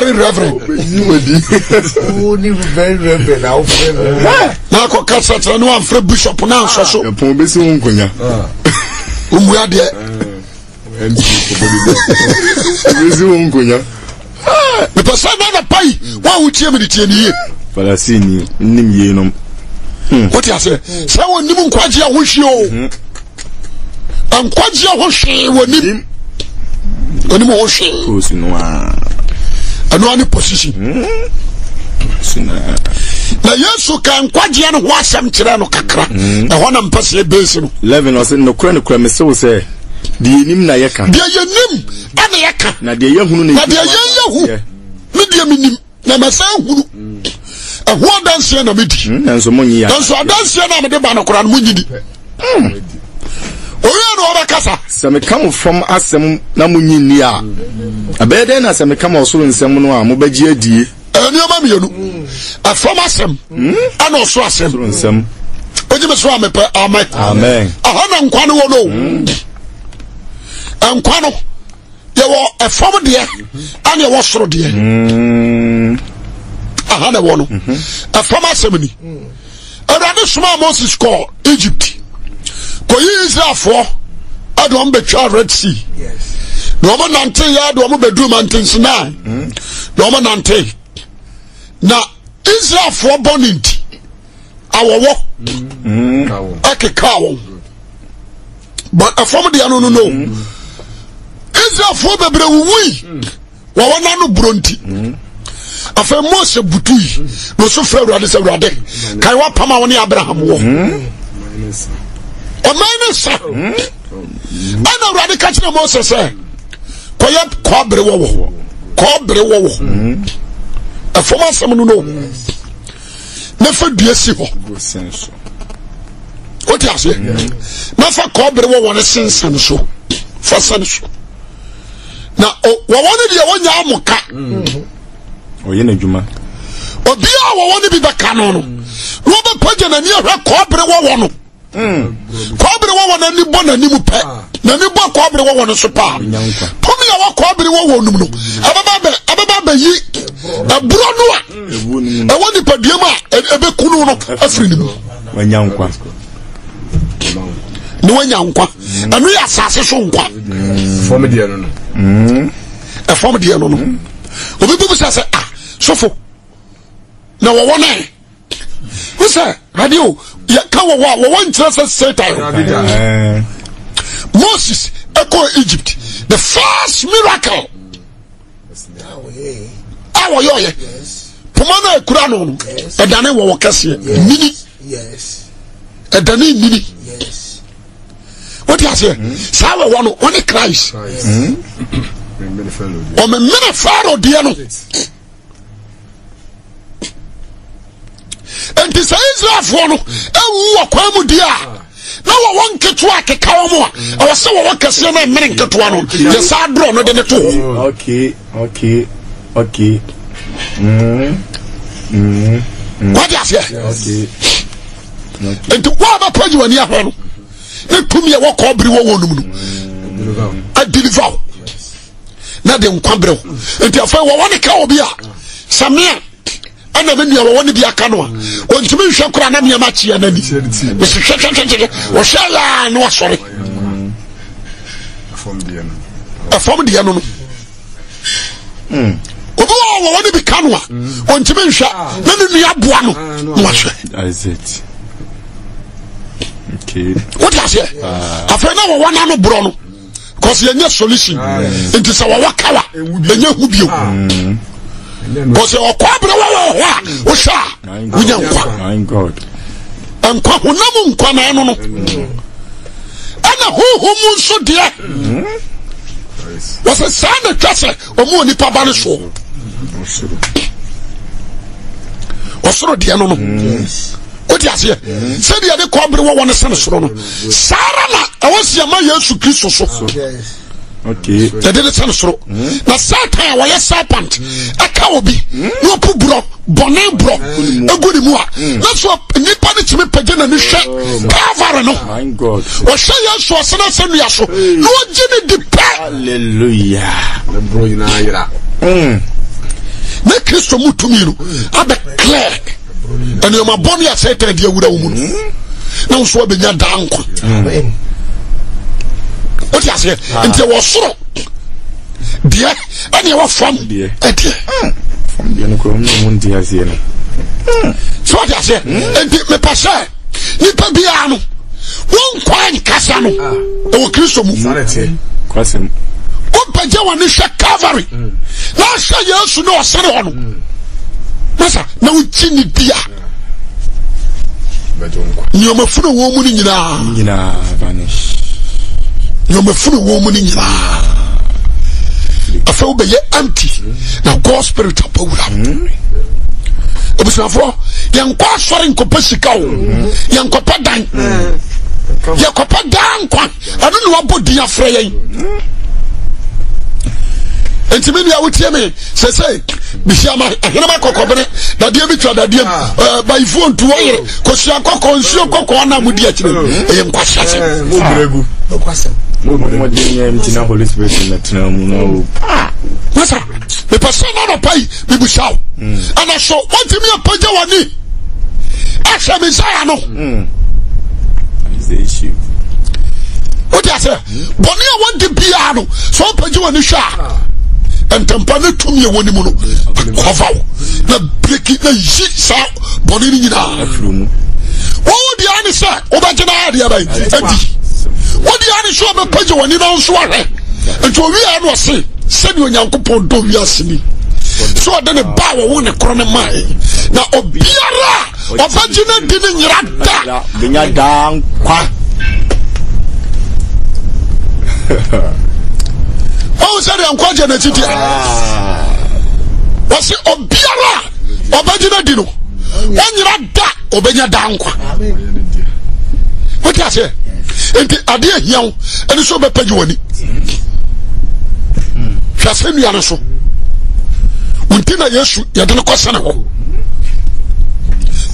very reverend [laughs] na akɔka sɛ kyerɛ ne woamfrɛ bishop na ansɔ so ah owura deɛ. Ah, mepɛ sɛ na na pai wa wo tie me ne yie. Hmm. wote ase sɛ wɔnim nkwagye a wohwie o hmm. nkwagye a wohwee wɔnim ɔnim a wohwee ɛnoa ne position hmm. na yesu ka nkwagyeɛ no ho asɛm kyerɛ no kakra mm. ɛhɔ na mpɛ sɛ yɛbɛsi no levin ɔsɛ nokora nokora mesew sɛ deɛ yɛnim na yɛka deɛ yɛnim ɛne yɛka na deɛ yɛhunu na deɛ yɛyɛhu me deɛ menim na mɛsan hunu ɛho adanseɛ na medi mm, nanso monyi nanso adanseɛ no a mede ba nokora no monyini mm. owia na ɔbɛkasa sɛ meka mo fam asɛm na monyinni a ɛbɛyɛ dɛn na sɛ meka ma ɔsoro nsɛm no a mobɛgye adie Eh, nneɛma mmienu ɛfam asɛm ɛna hmm? ɔso asɛm wogyeme so a amen aha na nkwa no wɔ no eh, nkwa no yɛwɔ ɛfam deɛ ɛne ɛwɔ soro deɛ hmm. aha na ɛwɔ no mhm. ɛfam asɛm ni awurade somaa moses kɔ egypt kɔyi israelfoɔ ɛde ɔm bɛtwa red sea na ɔmo nante yɛ de ɔmo bɛduru mantensinaa hmm. na ɔmo nante na israelfoɔ bɔ ne nti awɔwɔ mm. ɛkeka wɔn but ɛfam deɛ no no no mm. israelfoɔ bebree wuwui wɔwɔ n'ano buro nti afei mose butui na osu fira awurade sɛ awurade kae wapam a wɔne abraham wɔ mm. ɔman ne sa ɛna awurade ka kyerɛ mose sɛ kɔyɛ kɔɔbere wɔwɔ kɔɔbere wɔwɔ ɛfɔm asɛm no no na fa dua si hɔ wote aseɛ na fa kɔɔbere wɔ wɔne sensɛn so fa sɛn so na wɔwɔ no deɛ wɔnya amo ka ɔyɛ no adwuma obiaa wɔwɔ no bi bɛka no no na wɔbɛpagya n'ani ahwɛ kɔɔbere wɔwɔ no Mm. kɔɔbere wɔwɔ n'ani bɔ n'anim pɛ ah. n'ani bɔ kɔɔbere wɔwɔ no so paa pomi a wɔ kɔɔbere wɔwɔ nom no ɛbɛba mm. bɛ ɛbɛba bɛ yi ɛburɔ no a mm. ɛwɔ nipadua mu a ɛbɛ kunu no afiri ne mu ne wanya nkwa ɛno yɛ asase so nkwa ɛfɔm deɛ no no obi bi sɛ sɛ a ah, sofo na wɔwɔ no ɛ wosɛ Radio. o ka wɔ hɔ a wɔwɔ nkyerɛ sɛ satan moses ɛkɔ egypt the first miracle a wɔyɛ ɔyɛ poma no akura no no ɛdane wɔwɔ kɛseɛ nini ɛdane nini wote aseɛ saa wɔwɔ no ɔne christ ɔmemene faro deɛ no nti sɛ israelfoɔ no ɛwu wɔ kwan mu deɛ a na wɔwɔ nketewa keka wɔ mu a ɛwɔ sɛ wɔwɔ kɛseɛ na mmene nketewa no yɛ saa dorɔ no de ne to hɔ wade aseɛ nti woa bɛpa yi w'ani ahɔ no ne tumi ɛwɔ kɔɔ bere wɔ wɔ nom no mm. adiliva na de nkwa berɛ wo nti afei wɔwɔ ne ka wɔ a sɛmea ɛna ne nea wɔwɔ ne bi aka no a ɔntumi nhwɛ kora na nneɛma kyeɛ no ani hwɛhwɛhwɛhwɛ ɔhwɛ yɛa ne wasɔre ɛfam deɛ no no obi wɔ wɔwɔ ne bi ka no a ɔntumi nhwɛ na ne nua boa no ah, na wahwɛ wote aseɛ ah. afei na wɔwɔ no borɔ no because yɛnyɛ solution ah, nti sɛ wɔwɔ kawa ɛnyɛ hu bio mm kɔsɛ ɔkɔ abirɛ wɔ wɔ hɔ a wohyɛ a wonya nkwa nkwa honam nkwa na ɛno no ɛna honhom mu nso deɛ wɔsɛ saa na twa sɛ ɔmo wɔ nipa ba no soɔ ɔsoro deɛ no no wodi aseɛ sɛdeɛ de kɔ abirɛ wɔ wɔ ne sene soro no saa ara na ɛwɔ siama yesu kristo so. Yes yɛde ne sɛ no soro na satan a wɔyɛ serpent ɛka wo bi na ɔpo borɔ bɔne borɔ ɛgu ne mu a na hmm? so nnipa no tumi pagye n'ani hwɛ calvary no ɔhwɛ yesu ɔsena sɛ nnua so na ɔgye ne di pɛ na kristo mu tumi no abɛclare ɛneɔmabɔne a satan de awura wo mu no na wo so wabɛnya daa nkwa o ti aseɛ nti wɔ soro deɛ ɛni ɛwɔ fam ɛdeɛ fam deɛ no kura mu na mu nti aseɛ no sɛ o ti aseɛ nti mepɛ sɛ nipa biara no wọn kwan nkasa no ɛwɔ kristo mu wọn pɛgya wɔn ani hwɛ hmm. calvary n'ahyɛ yesu na ɔsɛn hɔ no masa na o gyi ni bia nneɛma funu wɔn mu ni nyinaa nneɛma funu wɔn mu ne nyinaa afɛ wobɛyɛ anti na god spirit apawura abusuafoɔ yɛnkɔ asɔre nkɔpɛ sika o yɛnkɔpɛ dan yɛkɔpɛ daa nkwa ɛno ne wabɔ din afrɛ yɛn nti mi nua wotie mi sese bisiama ahenema kɔkɔbene dadeɛ bi twa dadeɛ mu ah. bayifuo ntu wɔyere kosua kɔkɔɔ nsuo kɔkɔɔ anamudi akyire mm. ɛyɛ nkwahyɛsɛm mmɔden yɛ nti na holy spirit na tena mu na o. pasa ah, no wode a wɔnde biaa no sɛ wɔpagye w'ani hwɛ a ntampa ne tumi ɛwɔ wo na breki na yi saa bɔne no nyinaa wɔwo deɛ ne sɛ wobɛgye no adeɛ adi wode ane so wobɛpagye w'ani no nso ahwɛ nti owia no ɔse sɛdeɛ onyankopɔn dɔ wiase ni sɛ ɔde ne baa wɔwo ne korɔ ne mae na obiara a ɔbɛgye no di ne nyera da nkwa ɔhu sɛdeɛ nkwa gye n'akyiti wɔse obiara a ɔbɛgye no di no ɔnyera da ɔbɛnya da nkwa wotiaseɛ nti adeɛ ahia wo ɛne so bɛpagye w'ani hwɛ sɛ nnua no so nti na yesu yɛde no kɔsɛne hɔ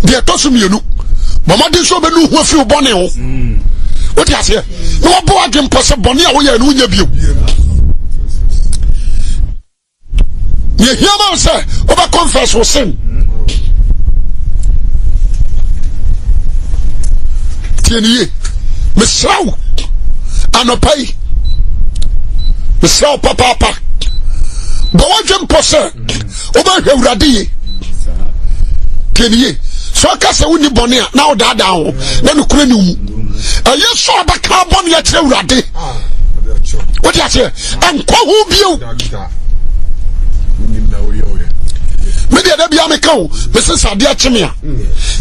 deɛ ɛtɔ so mmienu bɔmmɔden so bɛnu ho afiri wo bɔne wo wote aseɛ na wɔbɔ w'adwe mpɔ sɛ bɔne a woyɛ no wonya bio neɛ hia ma wo sɛ wobɛkɔmfɛs wo sen tie ne yie mesrɛ wo anɔpa yi mesrɛ wo papaapa bɔ wɔdwe mpɔ sɛ wobɛhwɛ awurade ye tieniye sɛ ɔka sɛ wonni bɔne a na wodaadaa ho na nokorɛ ne mu ɛyɛ sɛ ɔbɛka bɔne akyerɛ awurade wode aseɛ ɛnkɔ ho bio medeɛ da bia meka wo mese sɛ adeɛ kye me a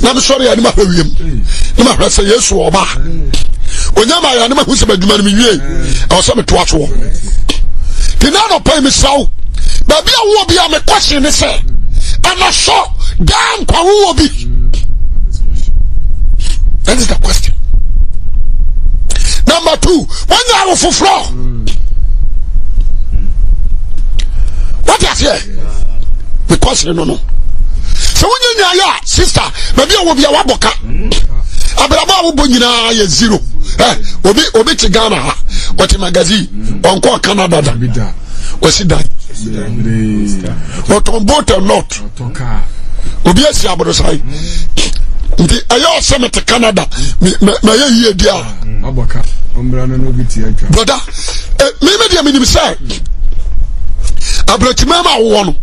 na mesɔre a ne mahwɛ wiem ne mahwɛ sɛ yesu ɔbaa onyama ayɛ anam ahusɛm adwuma no mewie ɛwɔ sɛ metoa soɔ nti na anɔpa yi mesra wo baabi a wowɔ bi a mekɔhye ne sɛ anasɔ daa nkwa wowɔ bi that is the question number two wonya awo foforɔ wate aseɛ mekɔhye no no sɛ wonya nyaayɛ a sister baabi a wɔ bi a woabɔ ka abrabọ a wobɔ nyinaa yɛ zero ɛ obi obi te ghana ha ɔte magazine ɔnkɔ canada da ɔsi dan ɔtɔn boat and lot obi esi aborosan nti ɛyɛ ɔsɛ mi te canada mɛ ɛyɛ yie di mm. a. broda mímí deɛ mínim sɛ aburokyimɛ ma wɔ no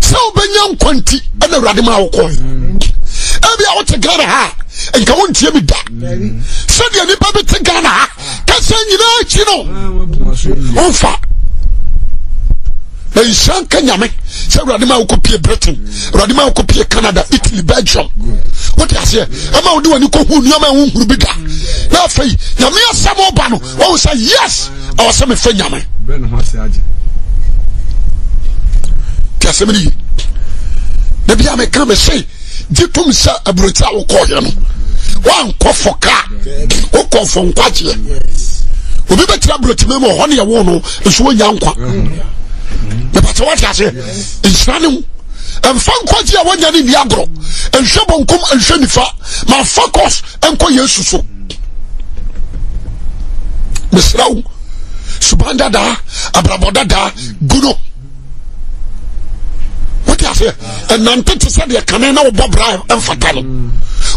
sɛ ɔbɛnya nkwanti ɛna awurade ma awokɔ yi. Mm ebi a wote ghana ha nka wontie mi da sɛdeɛ nnipa bi te ghana ha kasa nyinaa akyi no womfa na nhyira nka nyame sɛ awurade ma wokɔpie britain awurade ma pie canada italy belgium wote aseɛ ɛma wode w'ani kɔhu nneɔma ɛwo nhuru bi da na afei nyame asɛm woba no wawo sɛ yes ɛwɔ sɛ mefa nyame tiasɛm no yi na bia meka me sei gye tom sɛ aburokyi a wokɔɔyɛ no woankɔ fɔ kaa wokɔ fɔ nkwagyeɛ obi bɛtira aburokyi mu mu ɔhɔ ne yɛwo no nso wonya nkwa mepɛtɛ wate aseɛ nhyira ne mu ɛmfa nkwagye a woanya ne nni agorɔ nhwɛ bɔnkom nhwɛ nifa ma focus nkɔ yesu so mesrɛ subanda daa abrabɔ dadaa guno aseɛ ɛnante te sɛ deɛ kane na wobɔ bra ɛmfata no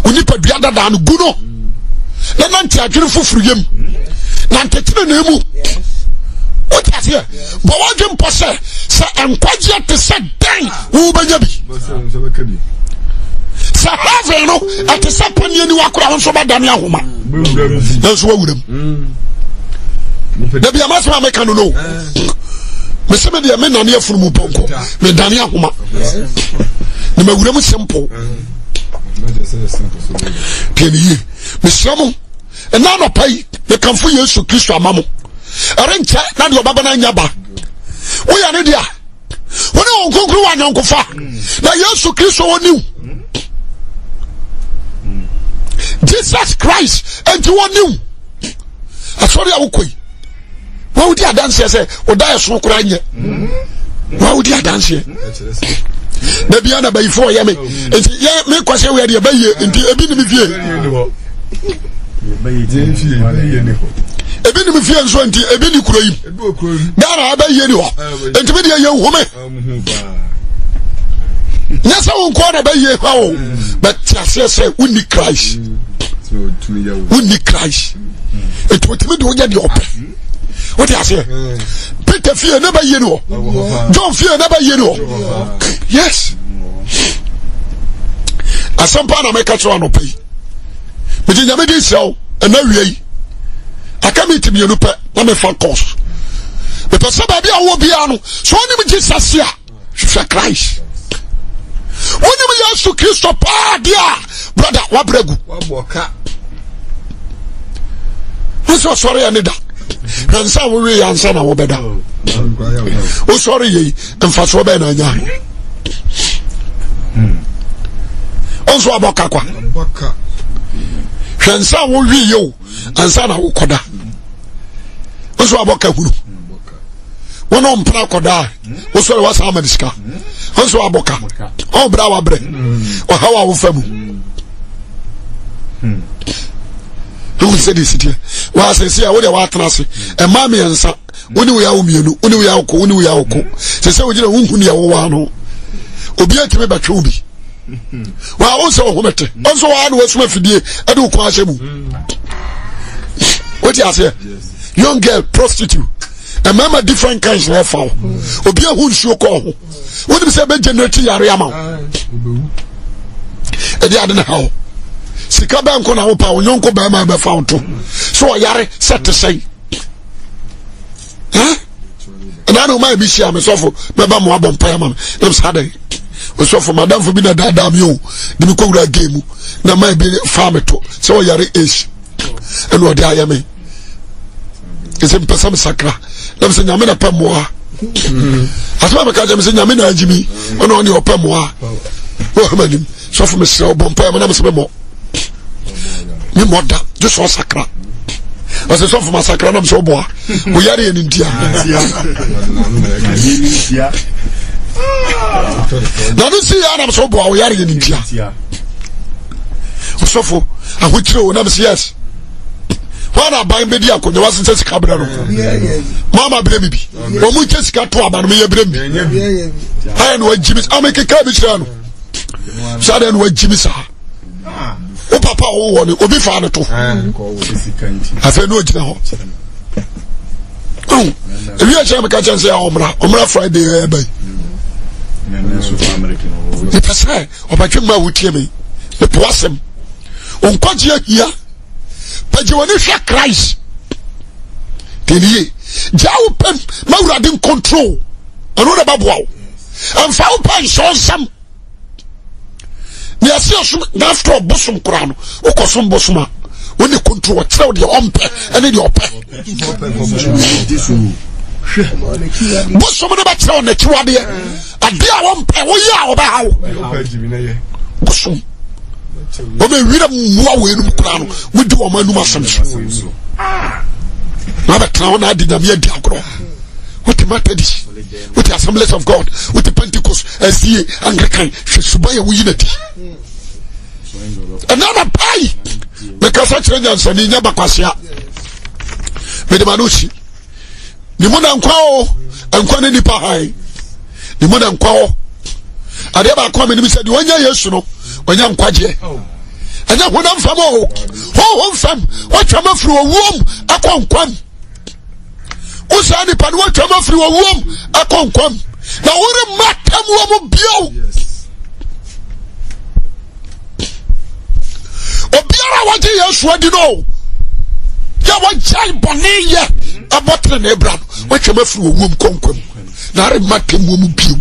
wo nipa dua dadaa no gu no na nante adwene foforo yam nantekyerɛ na mu wote aseɛ bɔ wɔdwe mpɔ sɛ sɛ nkwagyeɛ te sɛ dɛn wowobɛnya bi sɛ haven no ɛte sɛ paneɛ ni wakora ho nso bɛdane ahoma nanso wawuram mm. dabi amasɛm a meka no no eh mese me deɛ me nane afunu mu pɔnkɔ medane ahoma na mawura mu simple pianiye mesrɛ mo ɛna nɔpa yi mekamfo yesu kristo ama mo ɛrenkyɛ na deɛ ɔbaba no anya ba woyɛ ne deɛ wone wɔ nkonkro wɔ anyɔnkofa mm. na yesu kristo wɔniw mm. mm. jesus christ ɛnti wɔniw asɔre a wokɔi wọn wò di adanseɛ sɛ ɔda ɛso kora nyɛ wọn wò di adanseɛ baabi a na bayifo ɔyɛ mi nti yɛ mi kɔsɛ wɛ deɛ bɛyɛ nti ebi ni mi fie ebi ni mi fie nso nti ebi ni kuro yi ghana abɛyɛ ni hɔ nti mi deɛ yɛ nhome nyɛ sɛ wo nkɔɔ na bɛyɛ hɔ o bɛ te aseɛ sɛ wonni christ wonni christ etu otumi de woyɛ deɛ ɔpɛ o ti ase peter fie ne bɛ yie ni wɔ john fie ne bɛ yie ni wɔ yes asɛmpa na mɛka kyerɛ anɔpɛ yi mede nyame de nhyira wo ɛna wie yi aka me nti mmienu pɛ na mefa kɔs mepɛ sɛ baabi a wowɔ biara no sɛ wonim jesus a hwehwɛ christ wonim yesu kristo paa deɛ a brother wabrɛ gu wosɛ ɔsɔre yɛ ne da hwɛnsa wuri yɛ ansa na wobɛda wosɔre yei mfasoɔ bɛɛ na anya ɔnso abɔka kwa hwɛnsa wuri yɛ o ansa na wokɔda nso abɔka hunu wọn náà mpira akɔdaa wosɔre wasa ama ne sika nso abɔka ɔn bra wa brɛ ɔha hmm. wa wofa mu ɛhu sɛ de siteɛ waasɛsɛ a wodeɛ waatena ase ɛma mmiɛnsa wone wo yɛwo mmienu wone wo yɛwoko wone wo yɛwoko sɛ sɛ wogyina wonhu neɛ wowaa no obi atumi bɛtwe wo bi waa wo sɛ wɔhomɛte ɔnso waa ne wasoma afidie ɛde wo kwan ahyɛ mu wote aseɛ young girl prostitute ɛmɛɛma different kinds na ɛfa wo obi ahu nsuo kɔɔ ho wonim sɛ bɛgenerate yare ama wo ɛde ade ne ha wo sika bɛɛ nko na wopa wo nyɔnko bɛrima bɛfa wo to sɛ ɔyare sɛ te sɛi ɛnaa ne woma bi hyia me sɔfo mɛba mo abɔ mpaeɛ ma me nam saa dɛn madamfo bi na daadaa me o de me kɔwura gee mu na ma bi faa me to sɛ ɔyare age ɛne ɔde ayɛ me ɛsɛ mpɛ sɛ me sakra nam sɛ nyame na pɛ mmoa asɛma meka kyɛ me nyame na agye mi ɔne ɔne ɔpɛ mmoa wɔhama nim sɔfo mesrɛ ne mɔda gye sɛ ɔsakra ɔsɛ sɛ ɔfoma sakra nam sɛ ɔbɔa woyare ɛne ntia na ne si yɛ nam sɛ ɔbɔa woyare ɛne ntia ɔsɔfo ahokyerɛ wo nam sɛ yes wana aban bɛdi akonnwa wase sɛ sika berɛ no mama berɛ mi bi ɔmu nkyɛ sika to aba no meyɛ berɛ mi ayɛ na wagyimi amekeka bi kyerɛ no sɛ adɛ na wagyimi saa wo papa wowɔ no obi faa no to ah, afei ne ɔgyina hɔ ɛwia kyɛ meka kyɛn sɛ a ɔmmra ɔmmra friday ɛɛbai mepɛ sɛ ɔbatwe ma wotie me mepo asɛm ɔnkwagye ahia pagye wɔne hwɛ christ tɛnie gyaa wo pɛm ma awurade nkontrol ɛno ne bɛboa wo ɛmfa wo pɛ nhyɛ yasi osom n'after bosom koraa no okɔ som bosom a wɔne kontro wɔkyerɛw deɛ ɔmpɛ ɛne deɛ ɔpɛ bosom no bɛkyerɛw n'akyiwadeɛ adeɛ a wɔmpɛ wɔyɛ a wɔbɛhaw bosom wɔbɛwira mmoa wɔ enum koraa no wodi wɔn anum asɛm so na bɛtena hɔ na adi nyame adi agorɔ wote methodist wote assemblies of god wote pentecost asie anglican hwɛ suba yɛ woyi nadi ɛna na pai mekasa kyerɛ nyansane nya bakwasea mede ma no si ne mu na nkwa o nkwa ne nipa hae ne mu na nkwa o adeɛ baako a menim sɛ deɛ ɔnyɛ yesu no ɔnyɛ nkwagyeɛ ɛnyɛ honam fam o hoho fam wɔtwam afiri owuom akɔ nkwam wo saa nipa no woatwam afiri wɔwuom akɔ nkwam na woremma tam wɔ mu bio obiara a wagye yesu adi no yɛ wagyae bɔne yɛ abɔtere ne bra no woatwam afiri wɔwuom kɔnkwam na aremma tam wɔ mu bio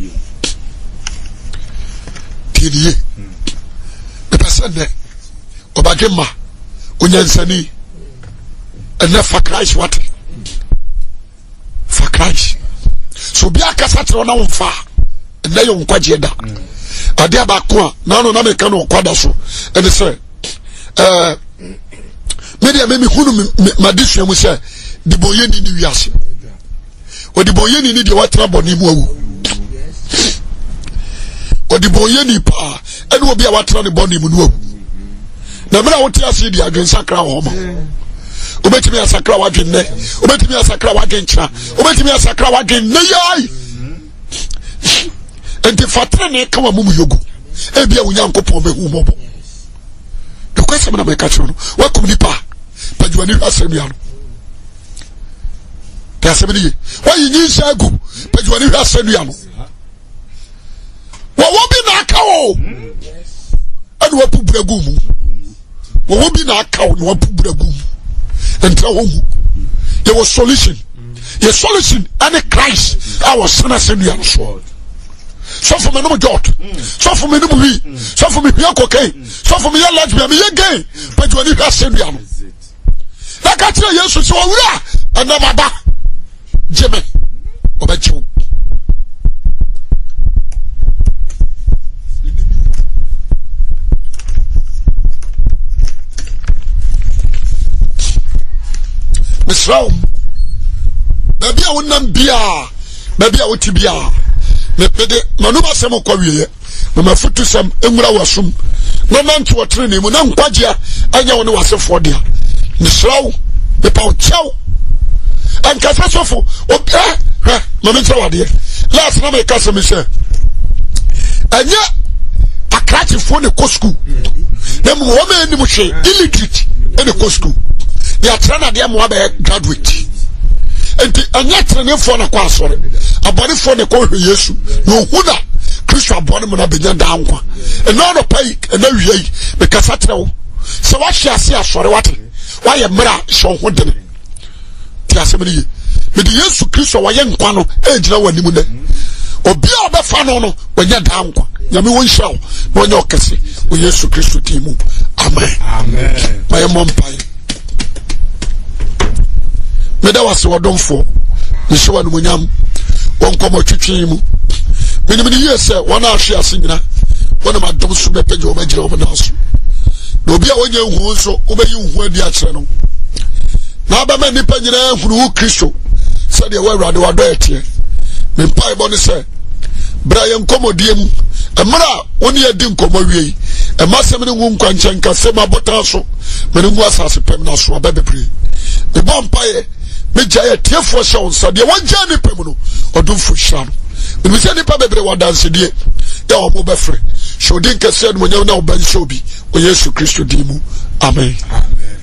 tinie mepɛ sɛ nnɛ ɔbadwe ma onyansani ɛnɛ fa christ wate christ so obi akasa kyerɛ na wɔmfa ɛnɛ yɛ nkwagyeɛ da adeɛ baako a nano na meka no ɔkwada so ɛne sɛ ɛɛ medeɛ mɛ mehunu made sua mu sɛ dibɔyɛni ni ni ɔdibɔyɛni ne deɛ watena bɔne mu awu ɔdibɔyɛni paa ɛne obi a watena ne bɔne mu no na mmerɛ a wote aseɛ deɛ adwensakra wɔ hɔ ma wobɛtumi asakra wadwe nnɛ wobɛtumi asakra wadwe nkyena wobɛtumi asakra wadwe nnɛ yai nti faterene ka wa mumu yogu ebia wo nyankopɔn bɛhu mmɔbɔ nokwasɛm na mɛka kyerɛ no woakum nipa padwuane hwɛ asɛm ya no te asɛm no ye woayi nyinhyɛ agu padwuane hwɛ asɛm ya no wɔwɔ bi na aka wo ɛne wapu bura gu mu wɔwɔ bi na aka wo ne wapu bura gu mu ntina wɔn hu yɛwɔ solution yɛ solution ɛne christ a wɔsɛn ase nua no soɔ sɔfo mi nimu jɔt sɔfo mi nimu wi sɔfo mi hiɛ kokain sɔfo mi yɛ lesbian mi yɛ gay pɛtɛ ni hwɛ ase nua no n'aka kyerɛ yesu sɛ ɔwura ɛnɛmaba gye me ɔbɛ gye wo. mesrɛ wo baabi a wonam biaa baabi a wote biaa mede manoma sɛm kɔ wieɛ na mafoto sɛm ɛwura wasom na nante wɔterene mu na nkwagyeɛ anyɛ wo ne wasefoɔ dea mesrɛ wo mepa wo kyɛw ankasa sɔfo ɛ hwɛ wadeɛ last na meka sɛ me sɛ ɛnyɛ akrakyefoɔ ne kɔ skul na mmom wɔma anim hwee illiterate ne kɔ skul yɛatrɛ no adeɛ ma wabɛyɛ graduate nti ɛnyɛ tenenefoɔ na kɔ asɔre abɔnefoɔ na kɔhwɛ yesu na ohu na kristo abɔne mu na bɛnya daa nkwa ɛna ɔnɔpa yi ɛna wia yi mekasa kyerɛ wo sɛ woahye ase asɔre wate woayɛ mmerɛ a hyɛ wo ho dene nti asɛm no ye mede yesu kristo wɔyɛ nkwa no ɛgyina w'anim nɛ obiaa ɔbɛfa no no wɔnyɛ daa nkwa nyame wɔnhyira wo na wɔnyɛ ɔkɛse wɔ yesu kristo din mu amen mayɛ mmɔ mpaeɛ meda wase wɔdomfoɔ mehyɛ wa nomonyam wɔn nkɔmmɔ twitwii mu menim ne yie sɛ wɔn a ahwe ase nyina wɔnam adom so bɛpɛgya wɔn agyina wɔn nan so na obi a wɔnyɛ nhuo nso wobɛyi nhuo adi akyerɛ no na abɛma nnipa nyinaa hunu wo kristo sɛdeɛ wɔ awurade wadɔ ɛteɛ mempaebɔ ne sɛ berɛ yɛ nkɔmmɔdeɛ mu mmerɛ a wo ne yɛdi nkɔmmɔ wiei ɛma sɛm ne ngu nkwankyɛnkasɛm abotaa so mene ngu asase pɛm no so abɛbebree mebɔ mpaeɛ megya yɛ tiefoɔ hyɛ wo nsa deɛ wɔgya nipa mu no ɔdomfo hyira no menim sɛ nipa bebree wɔ adansedie yɛ ɔmo bɛfrɛ hyɛ odin kɛseɛ nomonyam na wobɛnhyɛ obi wɔ yesu kristo din mu amen, amen.